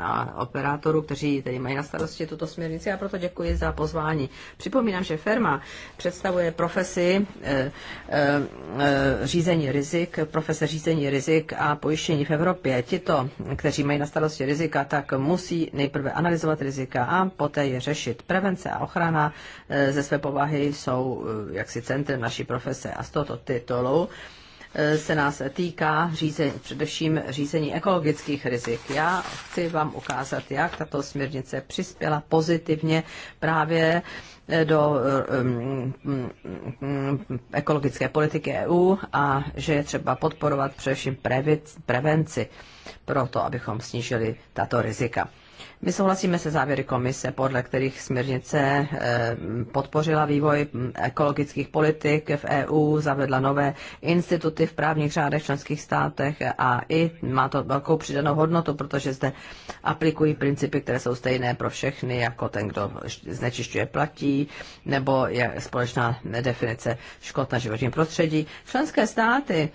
S1: a operátorů, kteří tedy mají na starosti tuto směrnici a proto děkuji za pozvání. Připomínám, že firma představuje profesi řízení rizik, profese řízení rizik a pojištění v Evropě. Tito, kteří mají na starosti rizika, tak musí nejprve analyzovat rizika a poté je řešit. Prevence a ochrana ze své povahy jsou jaksi centrem naší profese a z tohoto titulu se nás týká řízení, především řízení ekologických rizik. Já chci vám ukázat, jak tato směrnice přispěla pozitivně právě eh, do eh, mm, ekologické politiky EU a že je třeba podporovat především prevenci pro to, abychom snížili tato rizika. My souhlasíme se závěry komise, podle kterých směrnice eh, podpořila vývoj hm, ekologických politik v EU, zavedla nové instituty v právních řádech členských státech a i má to velkou přidanou hodnotu, protože zde aplikují principy, které jsou stejné pro všechny, jako ten, kdo znečišťuje platí, nebo je společná definice škod na životním prostředí. Členské státy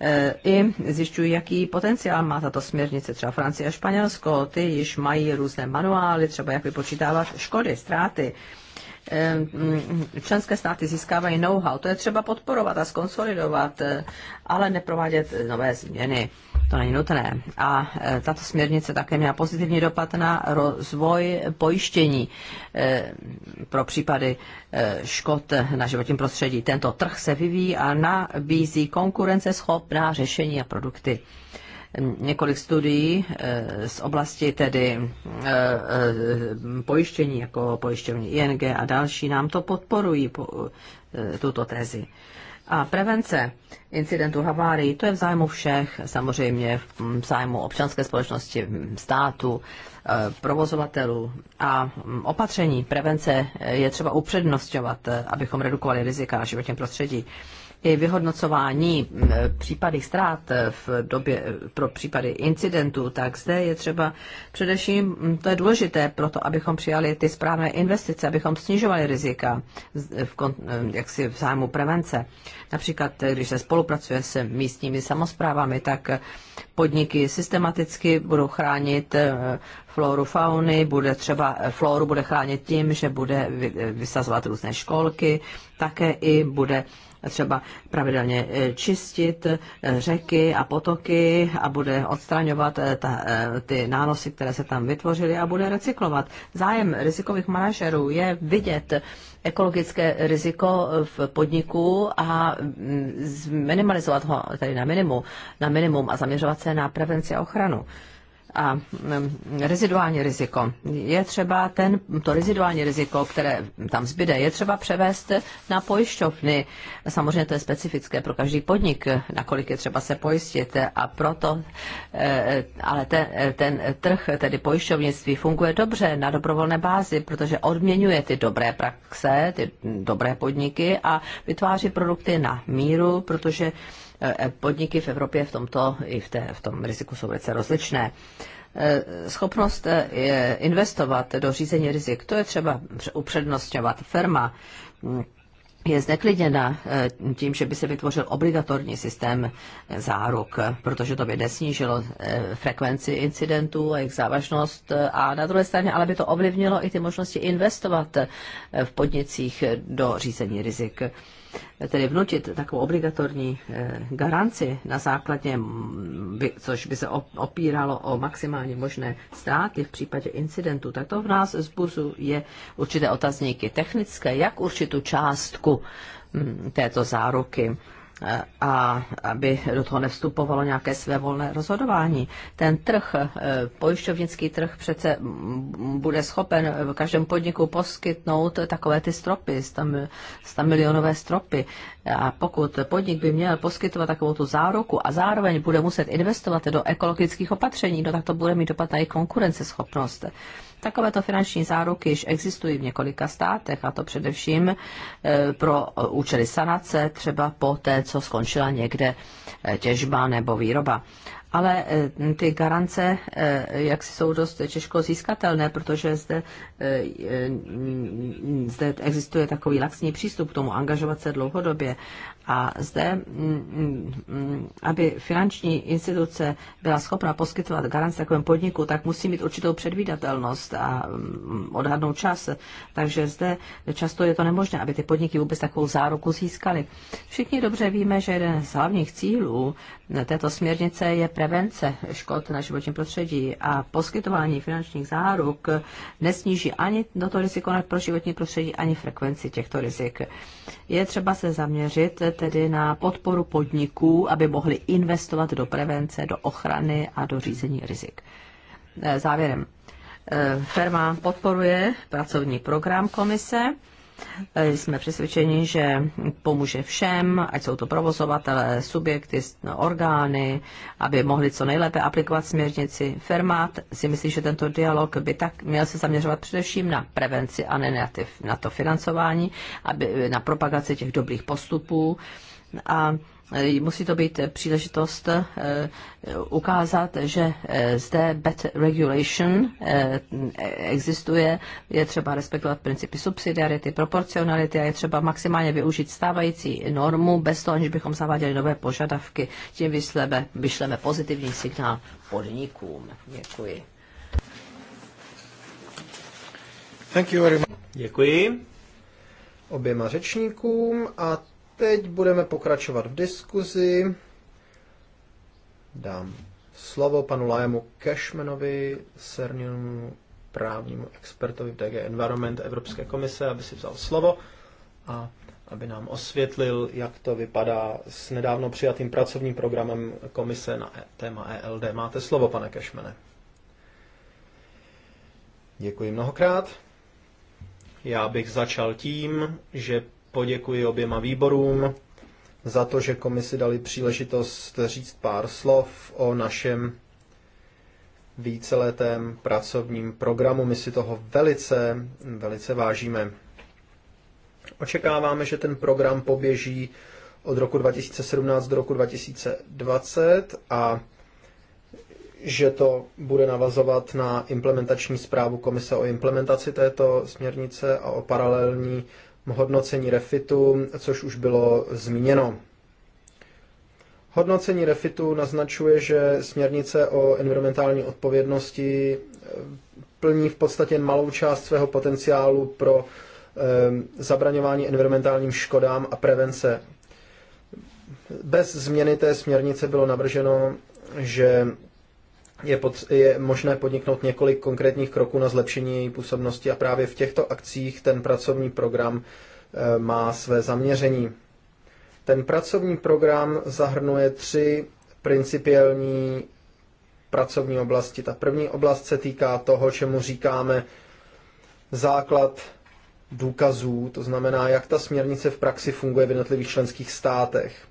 S1: E, i zjišťují, jaký potenciál má tato směrnice. Třeba Francie a Španělsko, ty již mají různé manuály, třeba jak vypočítávat škody, ztráty členské státy získávají know-how. To je třeba podporovat a skonsolidovat, eh, ale neprovádět eh, nové změny. To není nutné. A eh, tato směrnice také měla pozitivní dopad na rozvoj pojištění pro případy škod na životním prostředí. Tento trh se vyvíjí a nabízí konkurenceschopná řešení a produkty několik studií eh, z oblasti tedy eh, eh, pojištění, jako pojišťovní ING a další, nám to podporují, tuto tezi. A prevence incidentů havárií, to je v zájmu všech, samozřejmě v mm, zájmu občanské společnosti, státu, provozovatelů a mm, opatření prevence je třeba upřednostňovat, abychom redukovali rizika na životním prostředí i vyhodnocování případy ztrát e, v době e, pro případy incidentů, tak zde je třeba především, to je důležité pro to, abychom přijali ty správné investice, abychom snižovali rizika e, v, jaksi v zájmu prevence. Například, když se spolupracuje s místními samozprávami, tak podniky systematicky budou chránit floru fauny, bude třeba, floru bude chránit tím, že bude vysazovat různé školky, také i bude třeba pravidelně eh, čistit eh, řeky a potoky a bude odstraňovat eh, ta, ty nánosy, které se tam vytvořily a bude recyklovat. Zájem rizikových manažerů je vidět ekologické riziko v podniku a mm, minimalizovat ho tedy na minimum, na minimum a zaměřovat se na prevenci a ochranu a mm, reziduální riziko. Je třeba ten, to reziduální riziko, které tam zbyde, je třeba převést na pojišťovny. Samozřejmě to je specifické pro každý podnik, nakolik je třeba se pojistit a proto, eh, ale ten, ten trh, tedy pojišťovnictví, funguje dobře na dobrovolné bázi, protože odměňuje ty dobré praxe, ty dobré podniky a vytváří produkty na míru, protože E, podniky v Evropě v tomto i v, té, v tom riziku jsou velice rozličné. E, schopnost e, investovat do řízení rizik, to je třeba upřednostňovat. Firma mm, je zneklidněna tím, že by se vytvořil obligatorní systém záruk, protože to by nesnížilo frekvenci incidentů a jejich závažnost. A na druhé straně ale by to ovlivnilo i ty možnosti investovat v podnicích do řízení rizik tedy vnutit takovou obligatorní eh, garanci na základě, což by se opíralo o maximálně možné ztráty v případě incidentu, tak to v nás zbuzuje určité otazníky technické, jak určitou částku této záruky a aby do toho nevstupovalo nějaké své volné rozhodování. Ten trh, e, pojišťovnický trh přece bude schopen v každém podniku poskytnout takové ty stropy, 100 milionové stropy. A pokud podnik by měl poskytovat takovou tu záruku a zároveň bude muset investovat do ekologických opatření, no tak to bude mít dopad na jejich konkurenceschopnost. Takovéto finanční záruky již existují v několika státech, a to především e, pro účely sanace, třeba po té, co skončila někde e, těžba nebo výroba ale eh, ty garance eh, jak si jsou dost těžko získatelné, protože zde, eh, zde existuje takový laxní přístup k tomu angažovat se dlouhodobě. A zde, mm, mm, aby finanční instituce byla schopna poskytovat garance takovém podniku, tak musí mít určitou předvídatelnost a mm, odhadnout čas. Takže zde často je to nemožné, aby ty podniky vůbec takovou záruku získaly. Všichni dobře víme, že jeden z hlavních cílů této směrnice je prevence škod na životním prostředí a poskytování finančních záruk nesníží ani toto riziko pro životní prostředí, ani frekvenci těchto rizik. Je třeba se zaměřit tedy na podporu podniků, aby mohli investovat do prevence, do ochrany a do řízení rizik. E, závěrem. E, firma podporuje pracovní program komise, E, jsme přesvědčeni, že pomůže všem, ať jsou to provozovatele, subjekty, orgány, aby mohli co nejlépe aplikovat směrnici. Fermat si myslí, že tento dialog by tak měl se zaměřovat především na prevenci a ne na, na to financování, aby, na propagaci těch dobrých postupů a Eh, musí to být eh, příležitost eh, ukázat, že zde bad regulation existuje, je třeba respektovat principy subsidiarity, proporcionality a je třeba maximálně využít stávající normu bez toho, aniž bychom zaváděli nové požadavky. Tím vyšleme, vyšleme pozitivní signál
S2: podnikům. Děkuji. Thank you very much. Děkuji oběma řečníkům a Teď budeme pokračovat v diskuzi. Dám slovo panu Lajemu Cashmanovi, sernímu právnímu expertovi v DG Environment Evropské komise, aby si vzal slovo a aby nám osvětlil, jak to vypadá s nedávno přijatým pracovním programem komise na e- téma ELD. Máte slovo, pane Kešmene. Děkuji mnohokrát. Já bych začal tím, že poděkuji oběma výborům za to, že komisi dali příležitost říct pár slov o našem víceletém pracovním programu. My si toho velice, velice vážíme. Očekáváme, že ten program poběží od roku 2017 do roku 2020 a že to bude navazovat na implementační zprávu Komise o implementaci této směrnice a o paralelní hodnocení refitu, což už bylo zmíněno. Hodnocení refitu naznačuje, že směrnice o environmentální odpovědnosti eh, plní v podstatě malou část svého potenciálu pro eh, zabraňování environmentálním škodám a prevence. Bez změny té směrnice bylo navrženo, že je, je možné podniknout několik konkrétních kroků na zlepšení její působnosti a právě v těchto akcích ten pracovní program eh, má své zaměření. Ten pracovní program zahrnuje tři principiální pracovní oblasti. Ta první oblast se týká toho, čemu říkáme základ důkazů, to znamená, jak ta směrnice v praxi funguje v jednotlivých členských státech.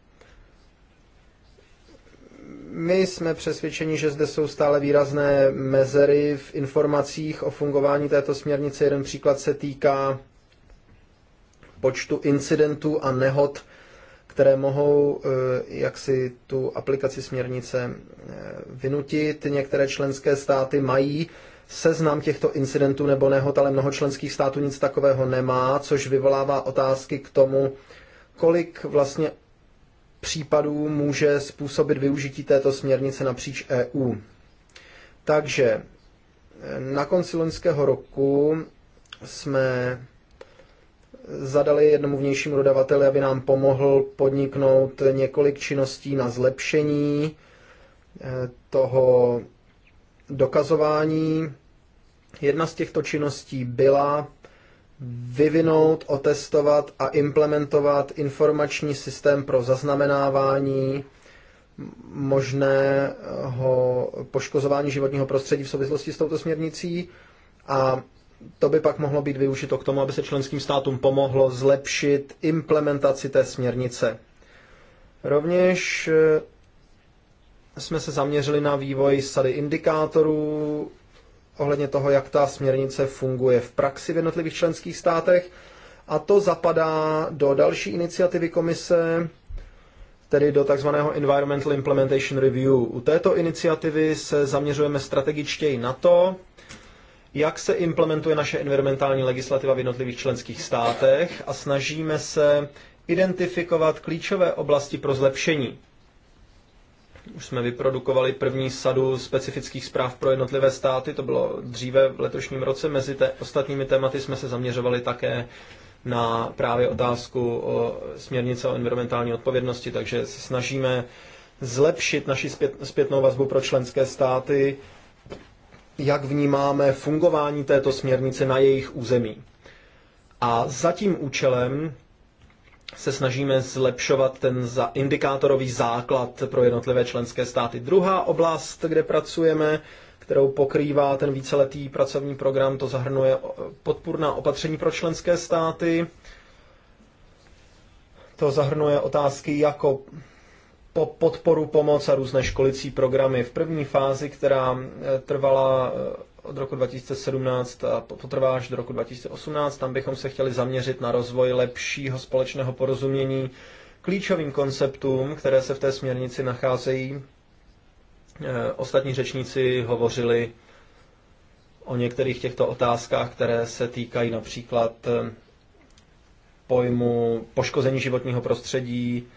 S2: My jsme přesvědčeni, že zde jsou stále výrazné mezery v informacích o fungování této směrnice. Jeden příklad se týká počtu incidentů a nehod, které mohou eh, jaksi tu aplikaci směrnice eh, vynutit. Některé členské státy mají seznam těchto incidentů nebo nehod, ale mnoho členských států nic takového nemá, což vyvolává otázky k tomu, kolik vlastně případů může způsobit využití této směrnice napříč EU. Takže eh, na konci loňského roku jsme zadali jednomu vnějšímu dodavateli, aby nám pomohl podniknout několik činností na zlepšení eh, toho dokazování. Jedna z těchto činností byla vyvinout, otestovat a implementovat informační systém pro zaznamenávání možného poškozování životního prostředí v souvislosti s touto směrnicí a to by pak mohlo být využito k tomu, aby se členským státům pomohlo zlepšit implementaci té směrnice. Rovněž eh, jsme se zaměřili na vývoj sady indikátorů, ohledně toho, jak ta směrnice funguje v praxi v jednotlivých členských státech. A to zapadá do další iniciativy komise, tedy do tzv. Environmental Implementation Review. U této iniciativy se zaměřujeme strategičtěji na to, jak se implementuje naše environmentální legislativa v jednotlivých členských státech a snažíme se identifikovat klíčové oblasti pro zlepšení. Už jsme vyprodukovali první sadu specifických zpráv pro jednotlivé státy, to bylo dříve v letošním roce. Mezi te- ostatními tématy jsme se zaměřovali také na právě otázku o směrnice o environmentální odpovědnosti, takže se snažíme zlepšit naši zpět, zpětnou vazbu pro členské státy, jak vnímáme fungování této směrnice na jejich území. A za tím účelem se snažíme zlepšovat ten za indikátorový základ pro jednotlivé členské státy. Druhá oblast, kde pracujeme, kterou pokrývá ten víceletý pracovní program, to zahrnuje podpůrná opatření pro členské státy. To zahrnuje otázky jako po podporu, pomoc a různé školicí programy. V první fázi, která e, trvala e, od roku 2017 a potrvá až do roku 2018. Tam bychom se chtěli zaměřit na rozvoj lepšího společného porozumění klíčovým konceptům, které se v té směrnici nacházejí. E, ostatní řečníci hovořili o některých těchto otázkách, které se týkají například e, pojmu poškození životního prostředí,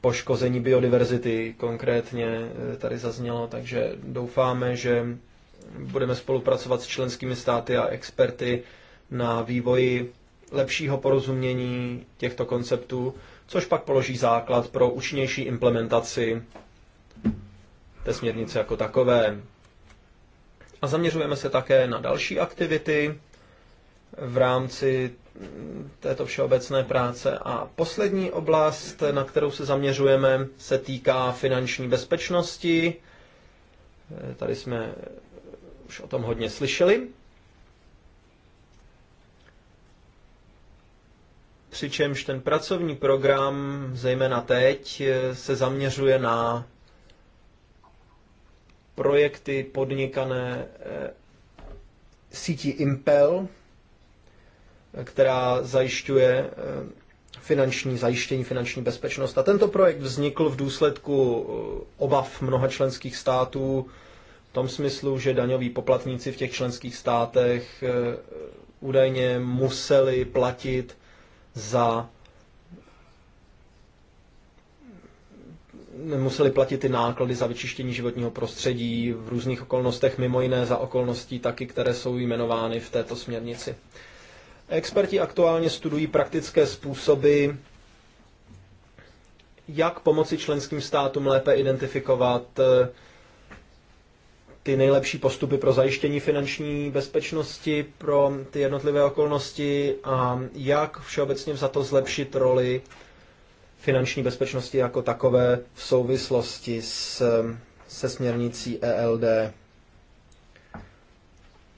S2: poškození biodiverzity konkrétně e, tady zaznělo, takže doufáme, že Budeme spolupracovat s členskými státy a experty na vývoji lepšího porozumění těchto konceptů, což pak položí základ pro účinnější implementaci té směrnice jako takové. A zaměřujeme se také na další aktivity v rámci této všeobecné práce. A poslední oblast, na kterou se zaměřujeme, se týká finanční bezpečnosti. Tady jsme už o tom hodně slyšeli. Přičemž ten pracovní program, zejména teď, se zaměřuje na projekty podnikané eh, sítí Impel, která zajišťuje eh, finanční zajištění, finanční bezpečnost. A tento projekt vznikl v důsledku eh, obav mnoha členských států tom smyslu, že daňoví poplatníci v těch členských státech eh, údajně museli platit za museli platit ty náklady za vyčištění životního prostředí v různých okolnostech, mimo jiné za okolností taky, které jsou jmenovány v této směrnici. Experti aktuálně studují praktické způsoby, jak pomoci členským státům lépe identifikovat eh, ty nejlepší postupy pro zajištění finanční bezpečnosti pro ty jednotlivé okolnosti a jak všeobecně za to zlepšit roli finanční bezpečnosti jako takové v souvislosti s, se směrnicí ELD.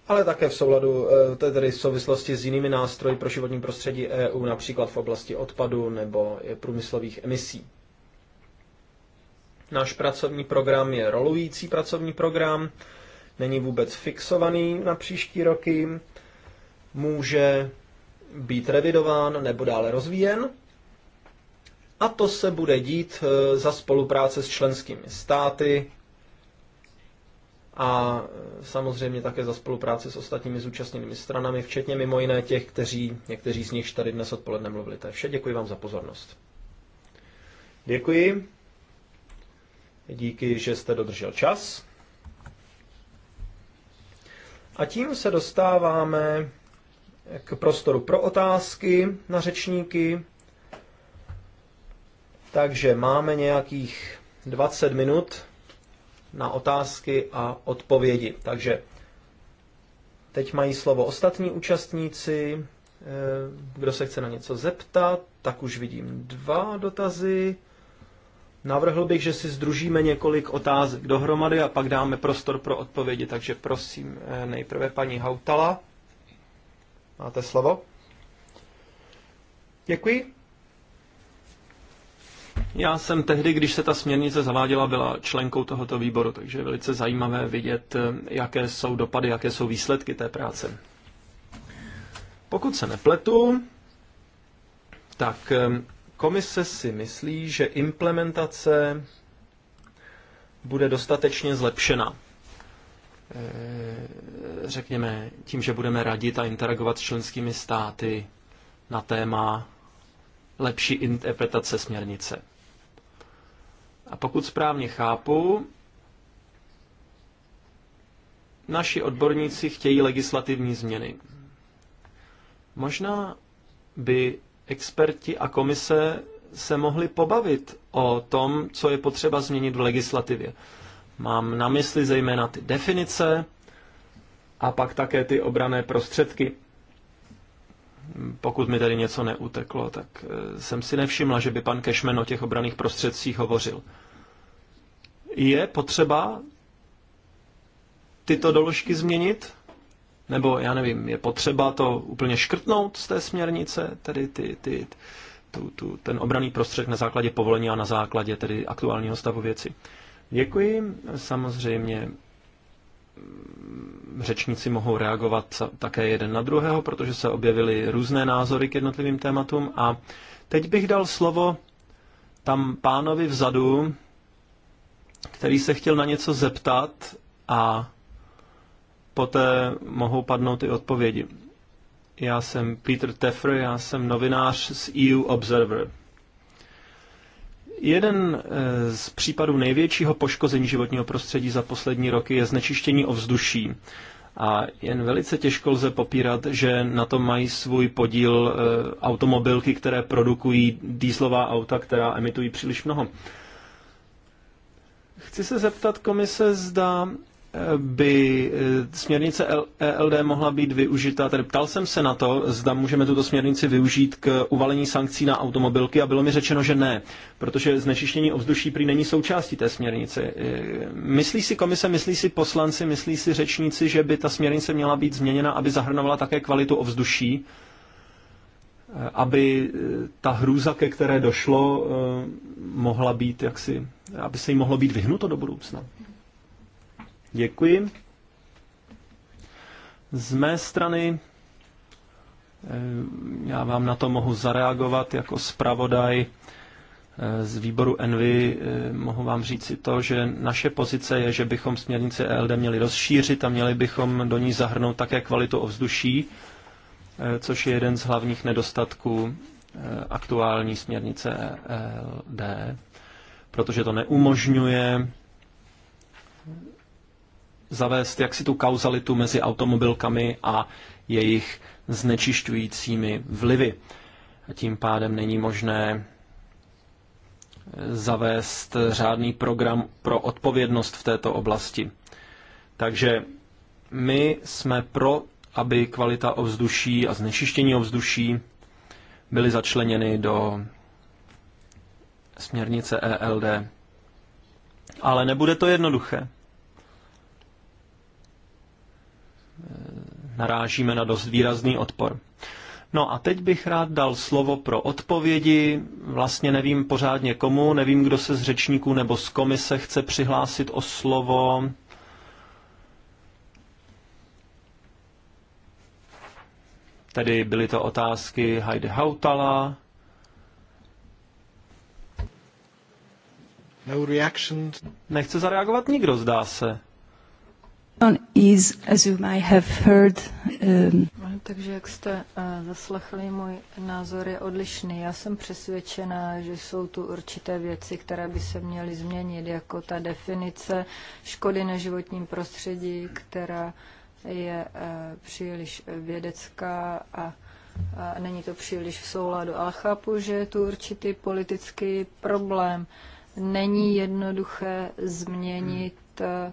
S2: Ale také v souladu, eh, tedy v souvislosti s jinými nástroji pro životní prostředí EU, například v oblasti odpadu nebo průmyslových emisí. Náš pracovní program je rolující pracovní program, není vůbec fixovaný na příští roky, může být revidován nebo dále rozvíjen. A to se bude dít e, za spolupráce s členskými státy a e, samozřejmě také za spolupráce s ostatními zúčastněnými stranami, včetně mimo jiné těch, kteří, někteří z nich tady dnes odpoledne mluvili. To je vše, děkuji vám za pozornost. Děkuji. Díky, že jste dodržel čas. A tím se dostáváme k prostoru pro otázky na řečníky. Takže máme nějakých 20 minut na otázky a odpovědi. Takže teď mají slovo ostatní účastníci. Eh, kdo se chce na něco zeptat, tak už vidím dva dotazy. Navrhl bych, že si združíme několik otázek dohromady a pak dáme prostor pro odpovědi. Takže prosím, eh, nejprve paní Hautala. Máte slovo? Děkuji. Já jsem tehdy, když se ta směrnice zaváděla, byla členkou tohoto výboru, takže je velice zajímavé vidět, eh, jaké jsou dopady, jaké jsou výsledky té práce. Pokud se nepletu, tak eh, Komise si myslí, že implementace bude dostatečně zlepšena. Eh, řekněme, tím, že budeme radit a interagovat s členskými státy na téma lepší interpretace směrnice. A pokud správně chápu, naši odborníci chtějí legislativní změny. Možná by experti a komise se mohli pobavit o tom, co je potřeba změnit v legislativě. Mám na mysli zejména ty definice a pak také ty obrané prostředky. Pokud mi tady něco neuteklo, tak eh, jsem si nevšimla, že by pan Kešmen o těch obraných prostředcích hovořil. Je potřeba tyto doložky změnit? Nebo, já nevím, je potřeba to úplně škrtnout z té směrnice, tedy ty, ty, tu, tu, ten obraný prostředek na základě povolení a na základě tedy aktuálního stavu věci. Děkuji. Samozřejmě mm, řečníci mohou reagovat také jeden na druhého, protože se objevily různé názory k jednotlivým tématům. A teď bych dal slovo tam pánovi vzadu, který se chtěl na něco zeptat a poté mohou padnout i odpovědi. Já jsem Peter Teffer, já jsem novinář z EU Observer. Jeden eh, z případů největšího poškození životního prostředí za poslední roky je znečištění ovzduší. A jen velice těžko lze popírat, že na to mají svůj podíl eh, automobilky, které produkují dýzlová auta, která emitují příliš mnoho. Chci se zeptat komise, zda by eh, směrnice ELD mohla být využita, tedy ptal jsem se na to, zda můžeme tuto směrnici využít k uvalení sankcí na automobilky a bylo mi řečeno, že ne, protože znečištění ovzduší prý není součástí té směrnice. Eh, myslí si komise, myslí si poslanci, myslí si řečníci, že by ta směrnice měla být změněna, aby zahrnovala také kvalitu ovzduší, eh, aby ta hrůza, ke které došlo, mohla být jaksi, aby se jí mohlo být vyhnuto do budoucna. Děkuji. Z mé strany eh, já vám na to mohu zareagovat jako zpravodaj eh, z výboru Envy. Eh, mohu vám říct si to, že naše pozice je, že bychom směrnici ELD měli rozšířit a měli bychom do ní zahrnout také kvalitu ovzduší, což je jeden z hlavních nedostatků aktuální směrnice ELD, protože to neumožňuje zavést jaksi tu kauzalitu mezi automobilkami a jejich znečišťujícími vlivy. A tím pádem není možné eh, zavést řádný program pro odpovědnost v této oblasti. Takže my jsme pro, aby kvalita ovzduší a znečištění ovzduší byly začleněny do směrnice ELD. Ale nebude to jednoduché. narážíme na dost výrazný odpor. No a teď bych rád dal slovo pro odpovědi. Vlastně nevím pořádně komu, nevím, kdo se z řečníků nebo z komise chce přihlásit o slovo. Tedy byly to otázky Heide Hautala. No reactions. Nechce zareagovat nikdo, zdá se.
S3: Is, as you might have heard, um... Takže jak jste uh, zaslechli, můj názor je odlišný. Já jsem přesvědčená, že jsou tu určité věci, které by se měly změnit, jako ta definice škody na životním prostředí, která je uh, příliš vědecká a není to příliš v souladu, ale chápu, že je tu určitý politický problém. Není jednoduché změnit eh,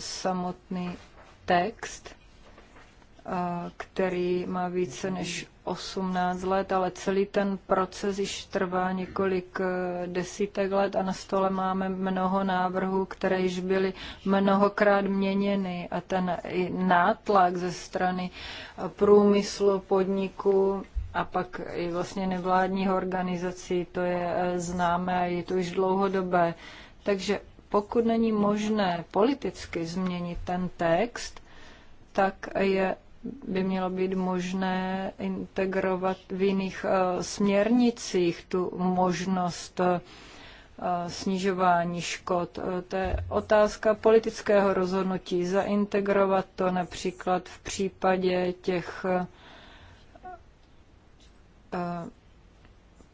S3: samotný text, eh, který má více než 18 let, ale celý ten proces již trvá několik eh, desítek let a na stole máme mnoho návrhů, které již byly mnohokrát měněny a ten nátlak ze strany eh, průmyslu, podniku a pak i vlastně nevládních organizací, to je známé a je to už dlouhodobé. Takže pokud není možné politicky změnit ten text, tak je, by mělo být možné integrovat v jiných eh, směrnicích tu možnost eh, snižování škod. Eh, to je otázka politického rozhodnutí. Zaintegrovat to například v případě těch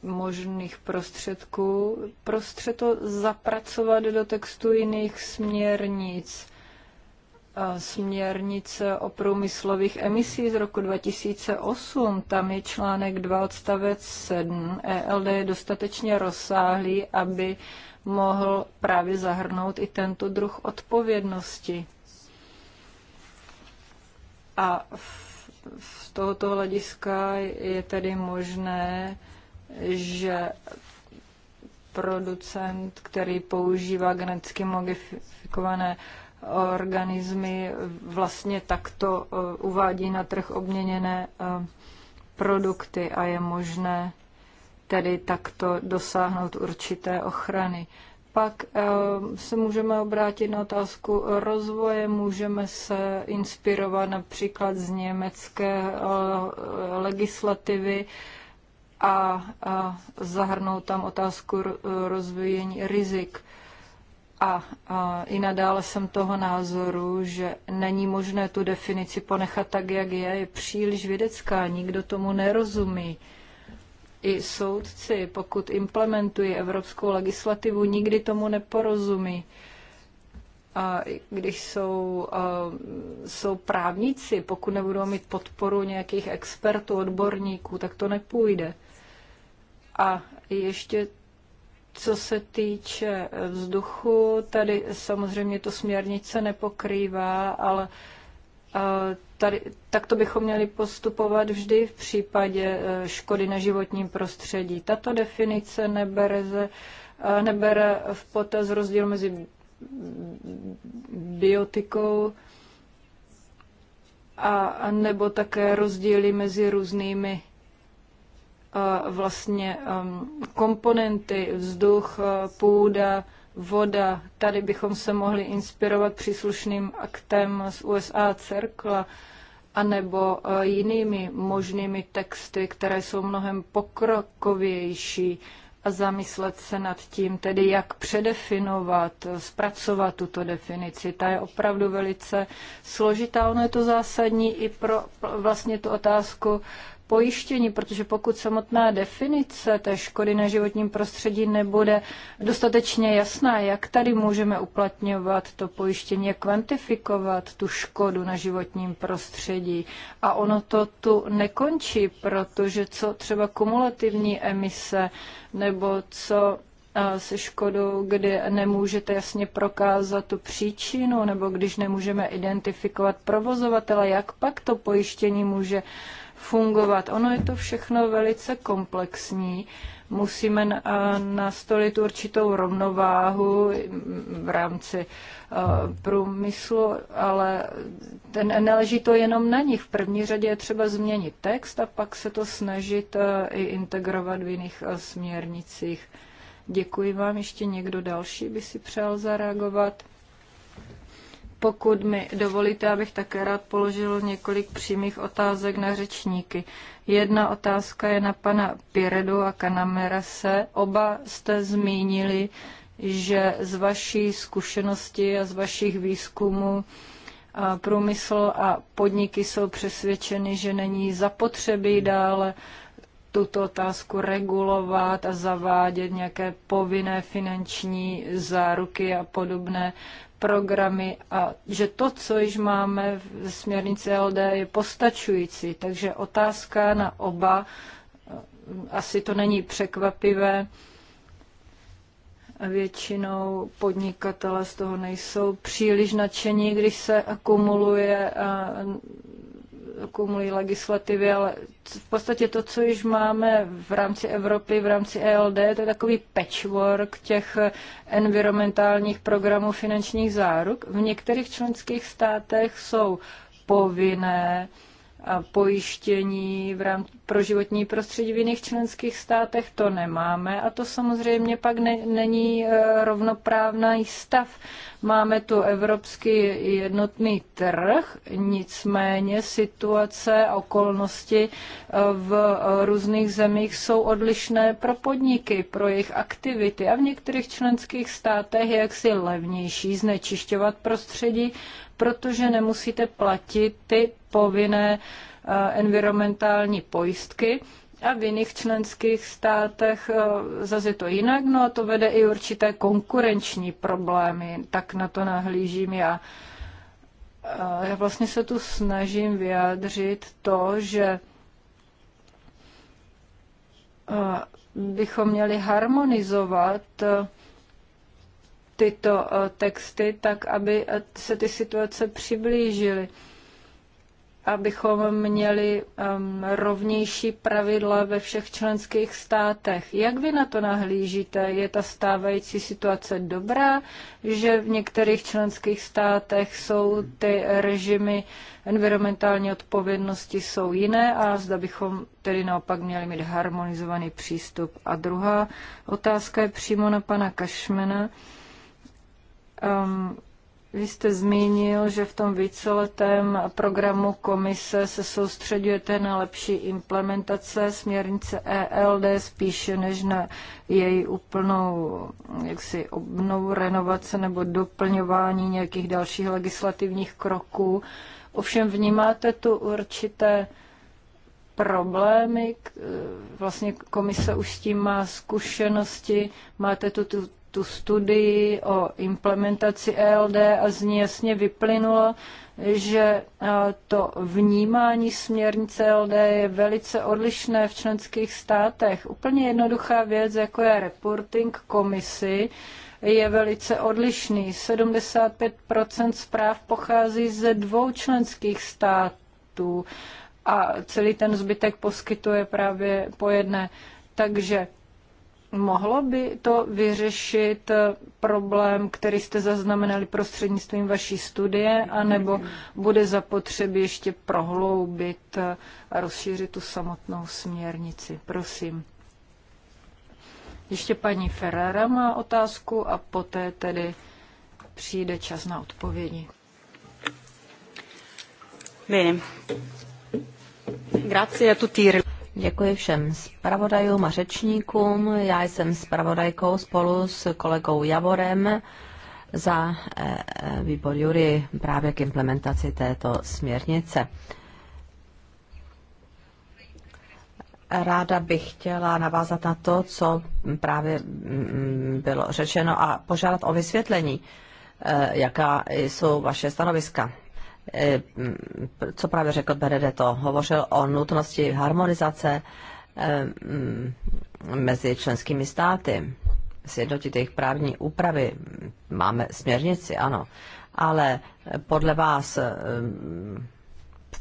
S3: možných prostředků, prostě to zapracovat do textu jiných směrnic. Směrnice o průmyslových emisí z roku 2008, tam je článek 2 odstavec 7. ELD je dostatečně rozsáhlý, aby mohl právě zahrnout i tento druh odpovědnosti. A v z tohoto hlediska je tedy možné že producent, který používá geneticky modifikované organismy, vlastně takto eh, uvádí na trh obměněné eh, produkty a je možné tedy takto dosáhnout určité ochrany. Pak eh, se můžeme obrátit na otázku rozvoje, můžeme se inspirovat například z německé legislativy, a, a zahrnout tam otázku rozvíjení rizik. A, a i nadále jsem toho názoru, že není možné tu definici ponechat tak, jak je, je příliš vědecká, nikdo tomu nerozumí. I soudci, pokud implementují evropskou legislativu, nikdy tomu neporozumí. A když jsou, jsou právníci, pokud nebudou mít podporu nějakých expertů, odborníků, tak to nepůjde. A ještě co se týče vzduchu, tady samozřejmě to směrnice nepokrývá, ale eh, tady, tak to bychom měli postupovat vždy v případě eh, škody na životním prostředí. Tato definice nebere, ze, eh, nebere v potaz rozdíl mezi biotikou a nebo také rozdíly mezi různými Eh, vlastně komponenty, vzduch, eh, půda, voda. Tady bychom se mohli inspirovat příslušným aktem z USA Cerkla anebo eh, jinými možnými texty, které jsou mnohem pokrokovější a zamyslet se nad tím, tedy jak předefinovat, zpracovat tuto definici. Ta je opravdu velice složitá. Ono je to zásadní i pro vlastně tu otázku pojištění, protože pokud samotná definice té škody na životním prostředí nebude dostatečně jasná, jak tady můžeme uplatňovat to pojištění, jak kvantifikovat tu škodu na životním prostředí. A ono to tu nekončí, protože co třeba kumulativní emise nebo co se škodou, kdy nemůžete jasně prokázat tu příčinu, nebo když nemůžeme identifikovat provozovatele, jak pak to pojištění může fungovat. Ono je to všechno velice komplexní. Musíme nastolit určitou rovnováhu v rámci průmyslu, ale ten, neleží to jenom na nich. V první řadě je třeba změnit text a pak se to snažit i integrovat v jiných směrnicích. Děkuji vám. Ještě někdo další by si přál zareagovat? Pokud mi dovolíte, abych také rád položil několik přímých otázek na řečníky. Jedna otázka je na pana Piredu a Kanamerase. Oba jste zmínili, že z vaší zkušenosti a z vašich výzkumů a průmysl a podniky jsou přesvědčeny, že není zapotřebí dále tuto otázku regulovat a zavádět nějaké povinné finanční záruky a podobné programy a že to, co již máme v směrnici LD, je postačující. Takže otázka na oba, eh, asi to není překvapivé, většinou podnikatele z toho nejsou příliš nadšení, když se akumuluje kvůli legislativě, ale v podstatě to, co již máme v rámci Evropy, v rámci ELD, to je takový patchwork těch environmentálních programů finančních záruk. V některých členských státech jsou povinné pojištění v rám- pro životní prostředí v jiných členských státech, to nemáme a to samozřejmě pak ne- není e, rovnoprávný stav. Máme tu evropský jednotný trh, nicméně situace a okolnosti e, v různých zemích jsou odlišné pro podniky, pro jejich aktivity a v některých členských státech je jaksi levnější znečišťovat prostředí, protože nemusíte platit ty povinné eh, environmentální pojistky a v jiných členských státech eh, zase je to jinak, no a to vede i určité konkurenční problémy, tak na to nahlížím já. Eh, já vlastně se tu snažím vyjádřit to, že bychom měli harmonizovat tyto eh, texty, tak aby eh, se ty situace přiblížily, abychom měli um, rovnější pravidla ve všech členských státech. Jak vy na to nahlížíte? Je ta stávající situace dobrá, že v některých členských státech jsou ty režimy environmentální odpovědnosti jsou jiné a zda bychom tedy naopak měli mít harmonizovaný přístup. A druhá otázka je přímo na pana Kašmena. Uh, Um, vy jste zmínil, že v tom víceletém programu komise se soustředujete na lepší implementace směrnice ELD spíše než na její úplnou jaksi obnovu, renovace nebo doplňování nějakých dalších legislativních kroků. Ovšem vnímáte tu určité problémy, vlastně komise už s tím má zkušenosti, máte tu, tu tu studii o implementaci ELD a z ní jasně vyplynulo, že eh, to vnímání směrnice e LD je velice odlišné v členských státech. Úplně jednoduchá věc, jako je reporting komisi, je velice odlišný. 75 zpráv pochází ze dvou členských států a celý ten zbytek poskytuje právě po jedné. Takže Mohlo by to vyřešit problém, který jste zaznamenali prostřednictvím vaší studie, anebo bude zapotřebí ještě prohloubit a rozšířit tu samotnou směrnici? Prosím. Ještě paní Ferrara má otázku a poté tedy přijde čas na odpovědi.
S1: Bene. Grazie a tutti. Děkuji všem zpravodajům a řečníkům. Já jsem zpravodajkou spolu s kolegou Javorem za eh, eh, výbor Jury právě k implementaci této směrnice. Ráda bych chtěla navázat na to, co právě mm, bylo řečeno a požádat o vysvětlení, eh, jaká jsou vaše stanoviska Eh, co právě řekl Benedetto, hovořil o nutnosti harmonizace eh, mm, mezi členskými státy, sjednotit jejich právní úpravy. Máme směrnici, ano, ale eh, podle vás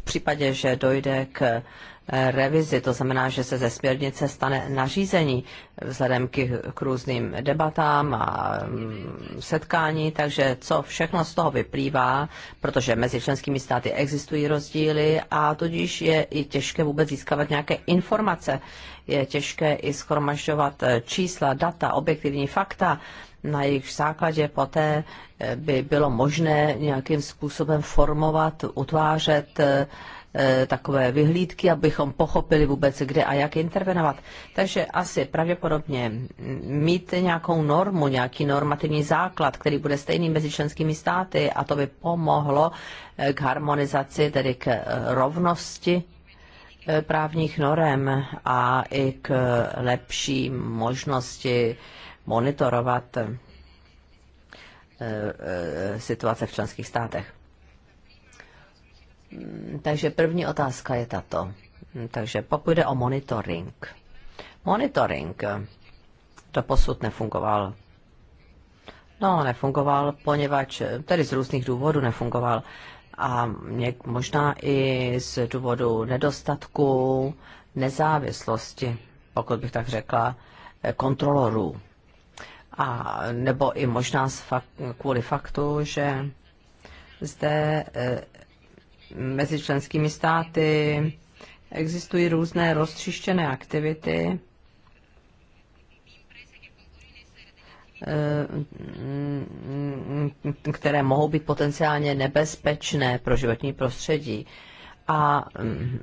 S1: v případě, že dojde k eh, revizi, to znamená, že se ze směrnice stane nařízení vzhledem k, k různým debatám a mm, setkání, takže co všechno z toho vyplývá, protože mezi členskými státy existují rozdíly a tudíž je i těžké vůbec získávat nějaké informace, je těžké i schromažďovat eh, čísla, data, objektivní fakta, na jejich základě poté eh, by bylo možné nějakým způsobem formovat, utvářet eh, eh, takové vyhlídky, abychom pochopili vůbec, kde a jak intervenovat. Takže asi pravděpodobně mít nějakou normu, nějaký normativní základ, který bude stejný mezi členskými státy a to by pomohlo k harmonizaci, tedy k rovnosti právních norem a i k lepší možnosti monitorovat eh, eh, situace v členských státech. Mm, takže první otázka je tato. Mm, takže pokud jde o monitoring. Monitoring eh, to posud nefungoval. No, nefungoval, poněvadž tedy z různých důvodů nefungoval. A něk, možná i z důvodu nedostatku nezávislosti, pokud bych tak řekla, kontrolorů a nebo i možná fakt, kvůli faktu, že zde e, mezi členskými státy existují různé roztřištěné aktivity, e, které mohou být potenciálně nebezpečné pro životní prostředí. A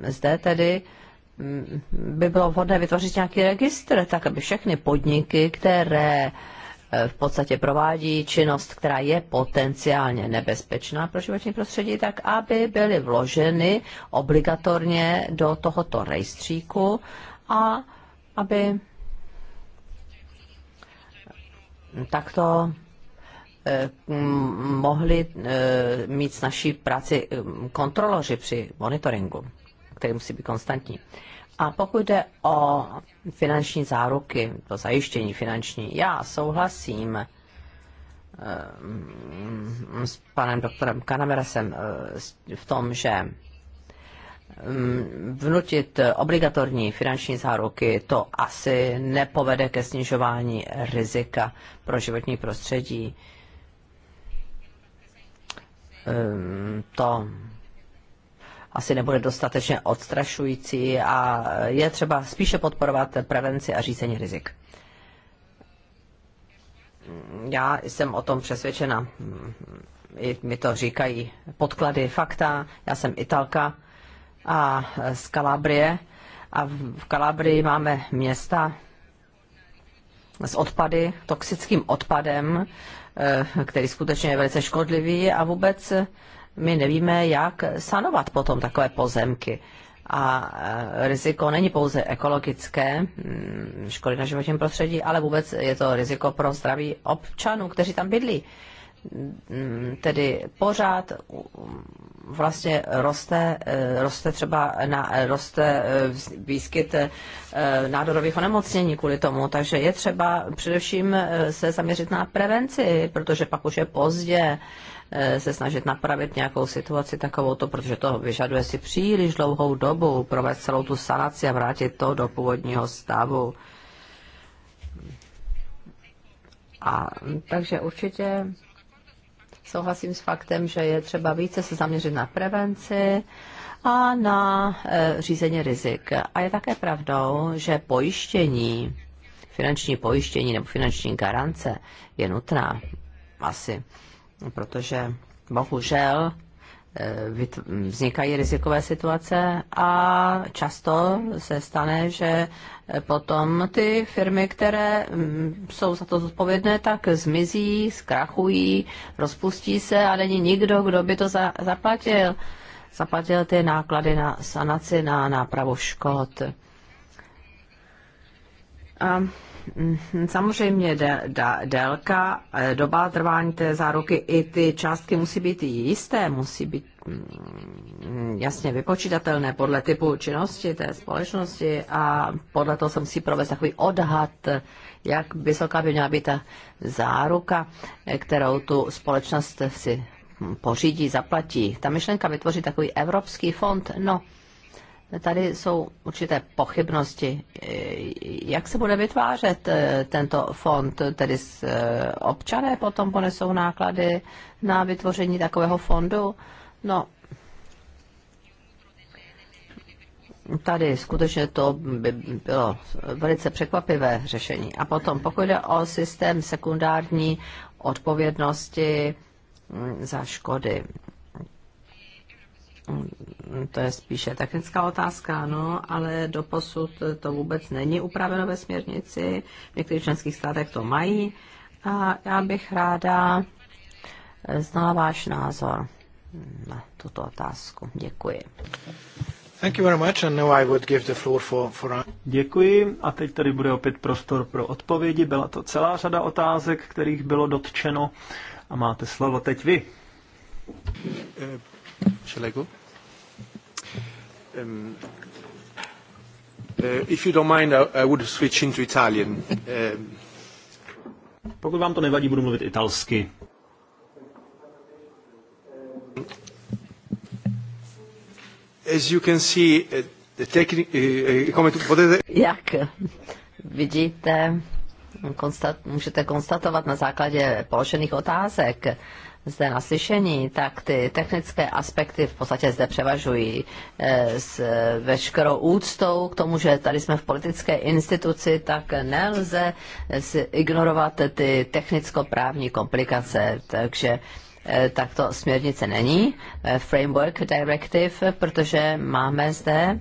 S1: zde tedy by bylo vhodné vytvořit nějaký registr, tak aby všechny podniky, které v podstatě provádí činnost, která je potenciálně nebezpečná pro životní prostředí, tak aby byly vloženy obligatorně do tohoto rejstříku a aby takto eh, mohli eh, mít naší práci eh, kontroloři při monitoringu, který musí být konstantní. A pokud jde o finanční záruky, to zajištění finanční, já souhlasím eh, mm, s panem doktorem Kanamerasem eh, v tom, že mm, vnutit obligatorní finanční záruky, to asi nepovede ke snižování rizika pro životní prostředí. Ehm, to asi nebude dostatečně odstrašující a je třeba spíše podporovat prevenci a řízení rizik. Já jsem o tom přesvědčena. I mi to říkají podklady, fakta. Já jsem Italka a z Kalabrie. A v Kalabrii máme města s odpady, toxickým odpadem, eh, který skutečně je velice škodlivý a vůbec my nevíme, jak sanovat potom takové pozemky. A eh, riziko není pouze ekologické, mm, škody na životním prostředí, ale vůbec je to riziko pro zdraví občanů, kteří tam bydlí. Mm, tedy pořád mm, vlastně roste, eh, roste třeba na, eh, roste výskyt nádorových onemocnění kvůli tomu, takže je třeba především se zaměřit na prevenci, protože pak už je pozdě Eh, se snažit napravit nějakou situaci takovou, to, protože to vyžaduje si příliš dlouhou dobu provést celou tu sanaci a vrátit to do původního stavu. A, takže určitě souhlasím s faktem, že je třeba více se zaměřit na prevenci a na e, řízení rizik. A je také pravdou, že pojištění, finanční pojištění nebo finanční garance je nutná asi protože bohužel eh, vznikají rizikové situace a často se stane, že eh, potom ty firmy, které mm, jsou za to zodpovědné, tak zmizí, zkrachují, rozpustí se a není nikdo, kdo by to za, zaplatil. Zaplatil ty náklady na sanaci, na nápravu škod. A Mhm, samozřejmě délka, eh, doba trvání té záruky i ty částky musí být jisté, musí být mm, jasně vypočítatelné podle typu činnosti té společnosti a podle toho se musí provést takový odhad, jak vysoká by měla být ta záruka, eh, kterou tu společnost si pořídí, zaplatí. Ta myšlenka vytvořit takový evropský fond, no, tady jsou určité pochybnosti. Jak se bude vytvářet eh, tento fond? Tedy eh, občané potom ponesou náklady na vytvoření takového fondu? No, tady skutečně to by bylo velice překvapivé řešení. A potom, pokud jde o systém sekundární odpovědnosti mm, za škody, to je spíše technická otázka, no, ale do posud to vůbec není upraveno ve směrnici. V některých členských státech to mají. A já bych ráda znala váš názor na tuto otázku. Děkuji.
S2: Thank you very much and now I would give the floor for, for... Děkuji a teď tady bude opět prostor pro odpovědi. Byla to celá řada otázek, kterých bylo dotčeno a máte slovo teď vy. Uh, Um, uh, if you don't mind, I, would switch into Italian. Um, Pokud vám to nevadí, budu mluvit italsky. As you can see, uh, the potete... Uh,
S1: Jak vidíte, konstat- můžete konstatovat na základě položených otázek, zde na slyšení, tak ty technické aspekty v podstatě zde převažují eh, s veškerou úctou k tomu, že tady jsme v politické instituci, tak nelze ignorovat ty technicko-právní komplikace, takže eh, takto směrnice není, eh, framework directive, protože máme zde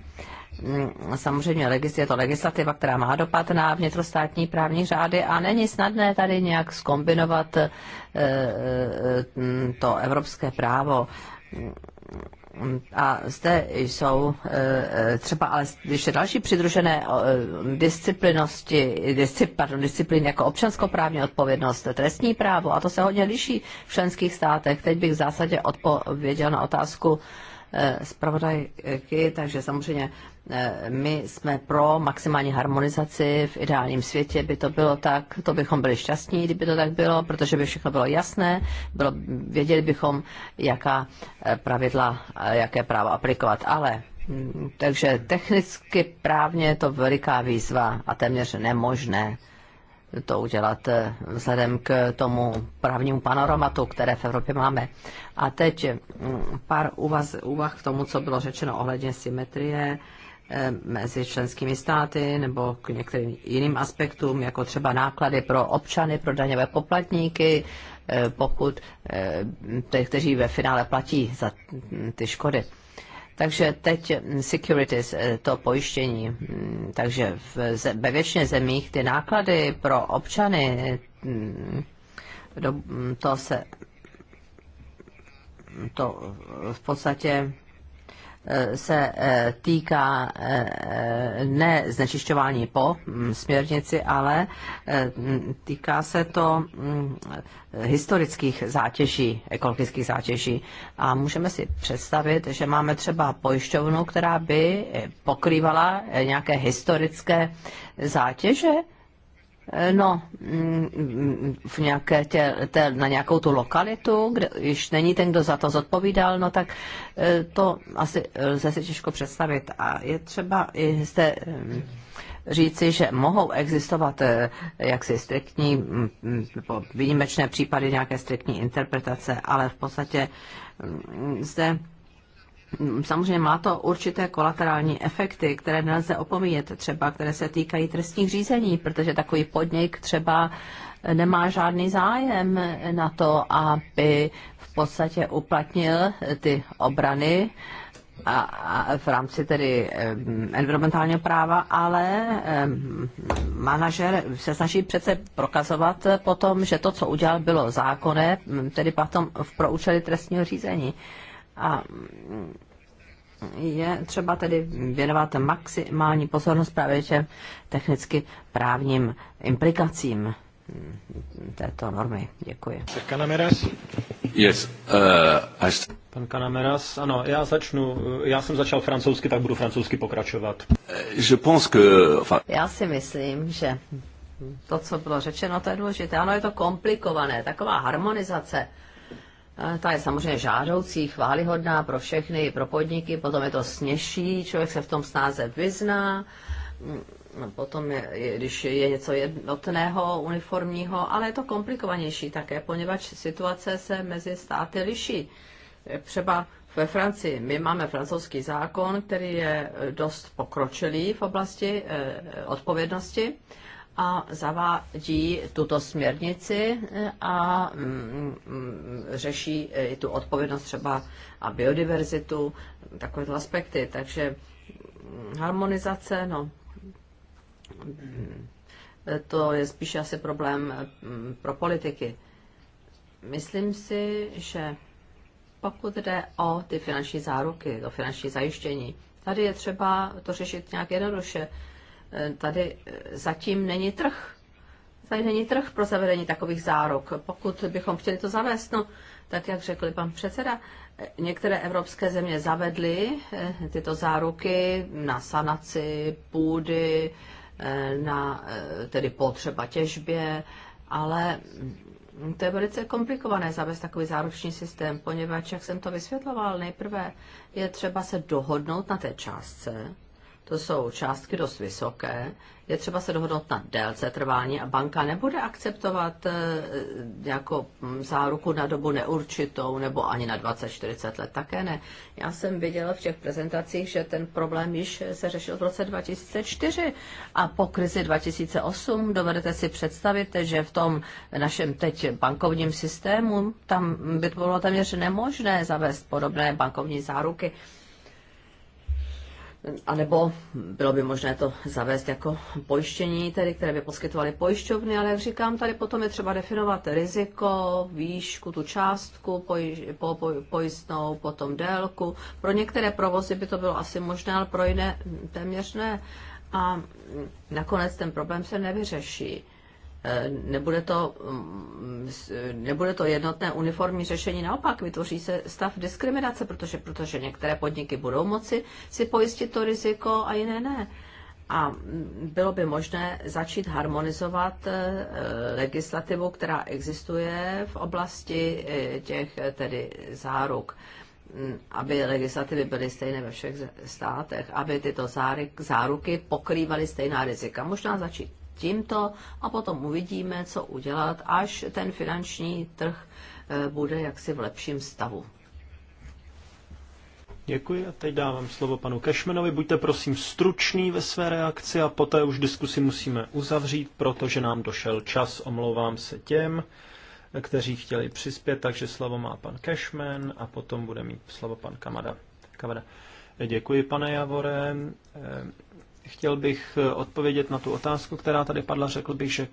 S1: Mm, samozřejmě je to legislativa, která má dopad na vnitrostátní právní řády a není snadné tady nějak skombinovat eh, eh, mm, to evropské právo. Mm, a zde jsou eh, třeba ale ještě další přidružené disciplinosti, discipl, pardon, disciplín jako občanskoprávní odpovědnost, trestní právo a to se hodně liší v členských státech. Teď bych v zásadě odpověděl na otázku zpravodajky, takže samozřejmě Eh, my jsme pro maximální harmonizaci, v ideálním světě by to bylo tak, to bychom byli šťastní, kdyby to tak bylo, protože by všechno bylo jasné, bylo, věděli bychom, jaká eh, pravidla, jaké právo aplikovat, ale mm, takže technicky právně je to veliká výzva a téměř nemožné to udělat eh, vzhledem k tomu právnímu panoramatu, které v Evropě máme. A teď mm, pár úvah, k tomu, co bylo řečeno ohledně symetrie Eh, mezi členskými státy nebo k některým jiným aspektům, jako třeba náklady pro občany, pro daňové poplatníky, eh, pokud eh, ty, kteří ve finále platí za ty škody. Takže teď hm, securities, to pojištění, hm, takže ve většině zemích ty náklady pro občany, hm, to se to v podstatě se eh, týká eh, ne znečišťování po mm, směrnici, ale eh, mm, týká se to mm, historických zátěží, ekologických zátěží. A můžeme si představit, že máme třeba pojišťovnu, která by pokrývala nějaké historické zátěže, Eh, no, mm, v nějaké tě, tě, na nějakou tu lokalitu, kde již není ten, kdo za to zodpovídal, no tak eh, to asi lze si těžko představit. A je třeba i zde eh, říci, že mohou existovat jaksi striktní, mm, výjimečné případy nějaké striktní interpretace, ale v podstatě mm, zde Samozřejmě má to určité kolaterální efekty, které nelze opomíjet, třeba které se týkají trestních řízení, protože takový podnik třeba nemá žádný zájem na to, aby v podstatě uplatnil ty obrany a, a v rámci tedy environmentálního práva, ale manažer se snaží přece prokazovat potom, že to, co udělal, bylo zákonné, tedy potom v pro účely trestního řízení. A je třeba tedy věnovat maximální pozornost právě těm technicky právním implikacím této normy.
S2: Děkuji. Kanameras? Yes. Uh, až... Pan Kanameras, ano, já začnu, já jsem začal francouzsky, tak budu francouzsky pokračovat. Eh, je pense que...
S1: Já si myslím, že to, co bylo řečeno, to je důležité. Ano, je to komplikované, taková harmonizace ta je samozřejmě žádoucí, chválihodná pro všechny, pro podniky, potom je to sněžší, člověk se v tom snáze vyzná, mm, potom, je, když je něco jednotného, uniformního, ale je to komplikovanější také, poněvadž situace se mezi státy liší. Třeba ve Francii, my máme francouzský zákon, který je dost pokročilý v oblasti eh, odpovědnosti, a zavádí tuto směrnici e, a mm, mm, řeší e, i tu odpovědnost třeba a biodiverzitu, takové aspekty. Takže mm, harmonizace, no, e, to je spíše asi problém pro politiky. Myslím si, že pokud jde o ty finanční záruky, o finanční zajištění, tady je třeba to řešit nějak jednoduše Eh, tady eh, zatím není trh. Tady není trh pro zavedení takových záruk. Pokud bychom chtěli to zavést, no, tak jak řekl pan předseda, eh, některé evropské země zavedly tyto záruky na sanaci půdy, na tedy potřeba těžbě, ale hm, to je velice komplikované zavést takový záruční systém, poněvadž, jak jsem to vysvětloval, nejprve je třeba se dohodnout na té částce, to jsou částky dost vysoké. Je třeba se dohodnout na délce trvání a banka nebude akceptovat eh, jako mm, záruku na dobu neurčitou nebo ani na 20-40 let. Také ne. Já jsem viděla v těch prezentacích, že ten problém již se řešil v roce 2004 a po krizi 2008 dovedete si představit, že v tom našem teď bankovním systému tam by to bylo téměř nemožné zavést podobné bankovní záruky a nebo bylo by možné to zavést jako pojištění, tedy, které by poskytovaly pojišťovny, ale jak říkám, tady potom je třeba definovat riziko, výšku, tu částku poj- po, po, pojistnou, potom délku. Pro některé provozy by to bylo asi možné, ale pro jiné téměř ne. A nakonec ten problém se nevyřeší Eh, nebude to, mm, eh, nebude to jednotné uniformní řešení, naopak vytvoří se stav diskriminace, protože, protože některé podniky budou moci si pojistit to riziko a jiné ne. A mm, bylo by možné začít harmonizovat eh, legislativu, která existuje v oblasti těch tedy záruk mm, aby legislativy byly stejné ve všech státech, aby tyto záruky pokrývaly stejná rizika. Možná začít tímto a potom uvidíme, co udělat, až ten finanční trh eh, bude jaksi v lepším stavu.
S2: Děkuji a teď dávám slovo panu Kešmenovi. Buďte prosím stručný ve své reakci a poté už diskusi musíme uzavřít, protože nám došel čas. Omlouvám se těm, eh, kteří chtěli přispět, takže slovo má pan Kešmen a potom bude mít slovo pan Kamada. Kamada. Děkuji, pane Javore. Eh, Chtěl bych eh, odpovědět na tu otázku, která tady padla. Řekl bych, že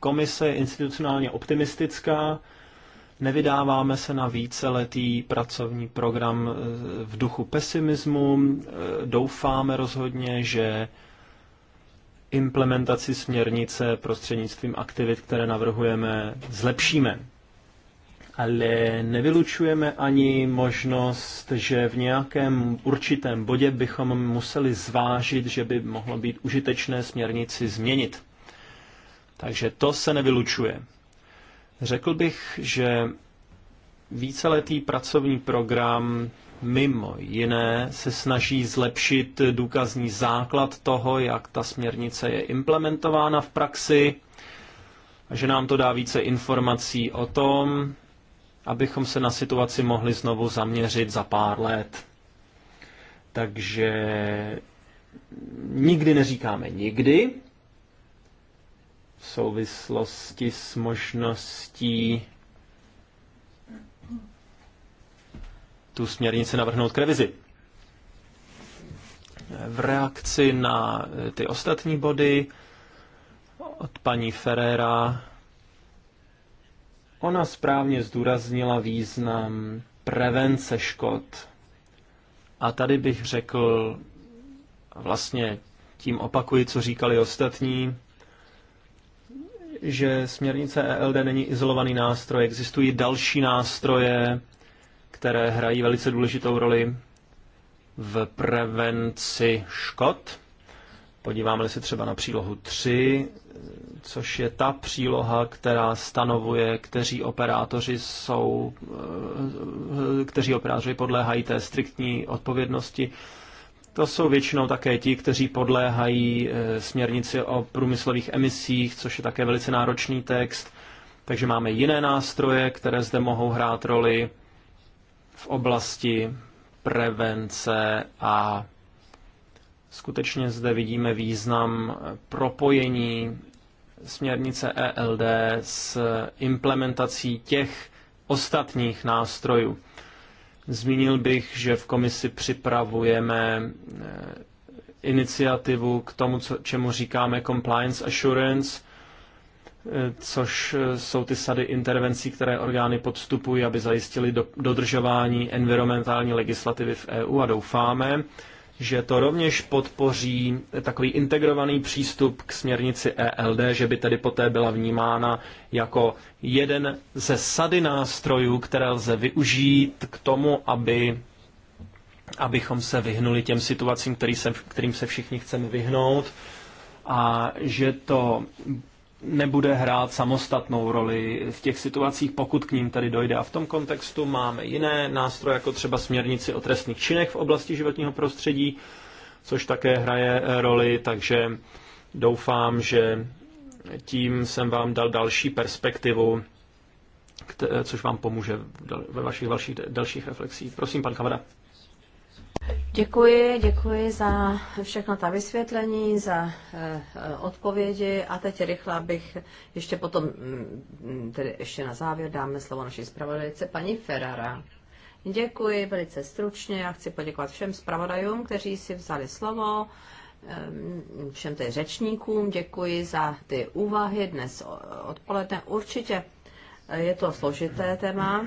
S2: komise je institucionálně optimistická. Nevydáváme se na víceletý pracovní program eh, v duchu pesimismu. Eh, doufáme rozhodně, že implementaci směrnice prostřednictvím aktivit, které navrhujeme, zlepšíme ale nevylučujeme ani možnost, že v nějakém určitém bodě bychom museli zvážit, že by mohlo být užitečné směrnici změnit. Takže to se nevylučuje. Řekl bych, že víceletý pracovní program mimo jiné se snaží zlepšit důkazní základ toho, jak ta směrnice je implementována v praxi, a že nám to dá více informací o tom, abychom se na situaci mohli znovu zaměřit za pár let. Takže nikdy neříkáme nikdy v souvislosti s možností tu směrnici navrhnout k revizi. V reakci na ty ostatní body od paní Ferrera Ona správně zdůraznila význam prevence škod. A tady bych řekl, vlastně tím opakuji, co říkali ostatní, že směrnice ELD není izolovaný nástroj, existují další nástroje, které hrají velice důležitou roli v prevenci škod. Podíváme-li se třeba na přílohu 3, což je ta příloha, která stanovuje, kteří operátoři jsou, eh, kteří operátoři podléhají té striktní odpovědnosti. To jsou většinou také ti, kteří podléhají eh, směrnici o průmyslových emisích, což je také velice náročný text. Takže máme jiné nástroje, které zde mohou hrát roli v oblasti prevence a Skutečně zde vidíme význam propojení směrnice ELD s implementací těch ostatních nástrojů. Zmínil bych, že v komisi připravujeme eh, iniciativu k tomu, co, čemu říkáme compliance assurance, eh, což eh, jsou ty sady intervencí, které orgány podstupují, aby zajistili do, dodržování environmentální legislativy v EU a doufáme, že to rovněž podpoří takový integrovaný přístup k směrnici ELD, že by tedy poté byla vnímána jako jeden ze sady nástrojů, které lze využít k tomu, aby, abychom se vyhnuli těm situacím, který se, kterým se všichni chceme vyhnout a že to nebude hrát samostatnou roli v těch situacích, pokud k ním tady dojde. A v tom kontextu máme jiné nástroje, jako třeba směrnici o trestných činech v oblasti životního prostředí, což také hraje roli, takže doufám, že tím jsem vám dal další perspektivu, což vám pomůže ve vašich dalších, reflexích. Prosím, pan Kavada.
S1: Děkuji, děkuji za všechno ta vysvětlení, za eh, odpovědi a teď rychle bych ještě potom, mm, tedy ještě na závěr dáme slovo naší zpravodajce paní Ferrara. Děkuji velice stručně, já chci poděkovat všem zpravodajům, kteří si vzali slovo, ehm, všem tedy řečníkům, děkuji za ty úvahy dnes odpoledne. Určitě je to složité téma,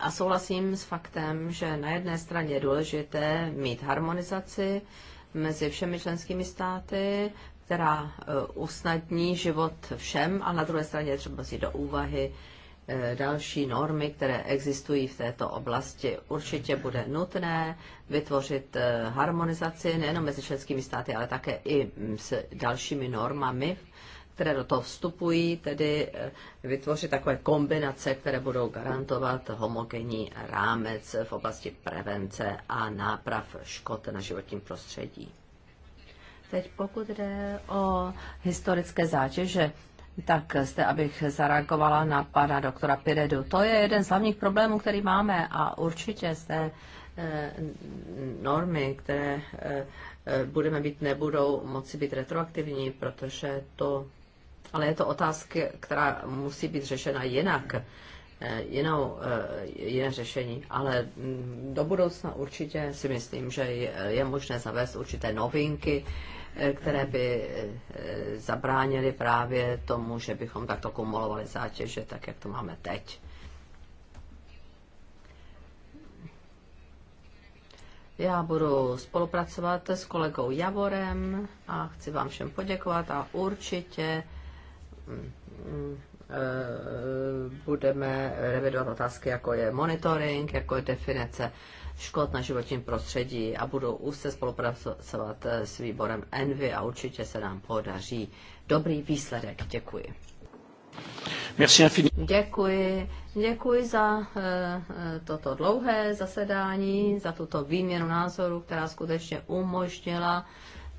S1: a souhlasím s faktem, že na jedné straně je důležité mít harmonizaci mezi všemi členskými státy, která eh, usnadní život všem, a na druhé straně je třeba si do úvahy eh, další normy, které existují v této oblasti. Určitě bude nutné vytvořit eh, harmonizaci nejenom mezi členskými státy, ale také i mm, s dalšími normami které do toho vstupují, tedy eh, vytvořit takové kombinace, které budou garantovat homogenní rámec v oblasti prevence a náprav škod na životním prostředí. Teď pokud jde o historické zátěže, tak zde, abych zareagovala na pana doktora Piredu. To je jeden z hlavních problémů, který máme a určitě zde eh, normy, které eh, budeme být, nebudou moci být retroaktivní, protože to ale je to otázka, která musí být řešena jinak, eh, jinou, eh, jiné řešení. Ale mm, do budoucna určitě si myslím, že je možné zavést určité novinky, eh, které by zabránily právě tomu, že bychom takto kumulovali zátěže, tak jak to máme teď. Já budu spolupracovat s kolegou Javorem a chci vám všem poděkovat a určitě budeme revidovat otázky, jako je monitoring, jako je definice škod na životním prostředí a budou úzce spolupracovat s výborem Envy a určitě se nám podaří dobrý výsledek. Děkuji. Merci děkuji, děkuji za e, toto dlouhé zasedání, za tuto výměnu názoru, která skutečně umožnila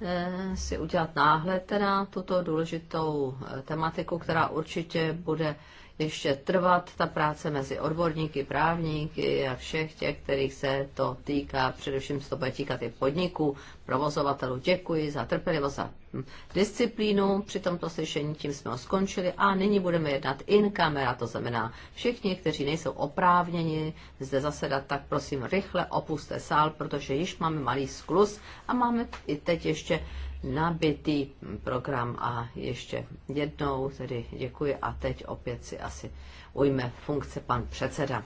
S1: Eh, si udělat náhled na tuto důležitou eh, tematiku, která určitě bude ještě trvat ta práce mezi odborníky, právníky a všech těch, kterých se to týká, především se to bude týkat i podniků, provozovatelů. Děkuji za trpělivost, za hm, disciplínu při tomto slyšení, tím jsme ho skončili a nyní budeme jednat in camera, to znamená všichni, kteří nejsou oprávněni zde zasedat, tak prosím rychle opuste sál, protože již máme malý sklus a máme i teď ještě nabitý program a ještě jednou tedy děkuji a teď opět si asi ujme funkce pan předseda.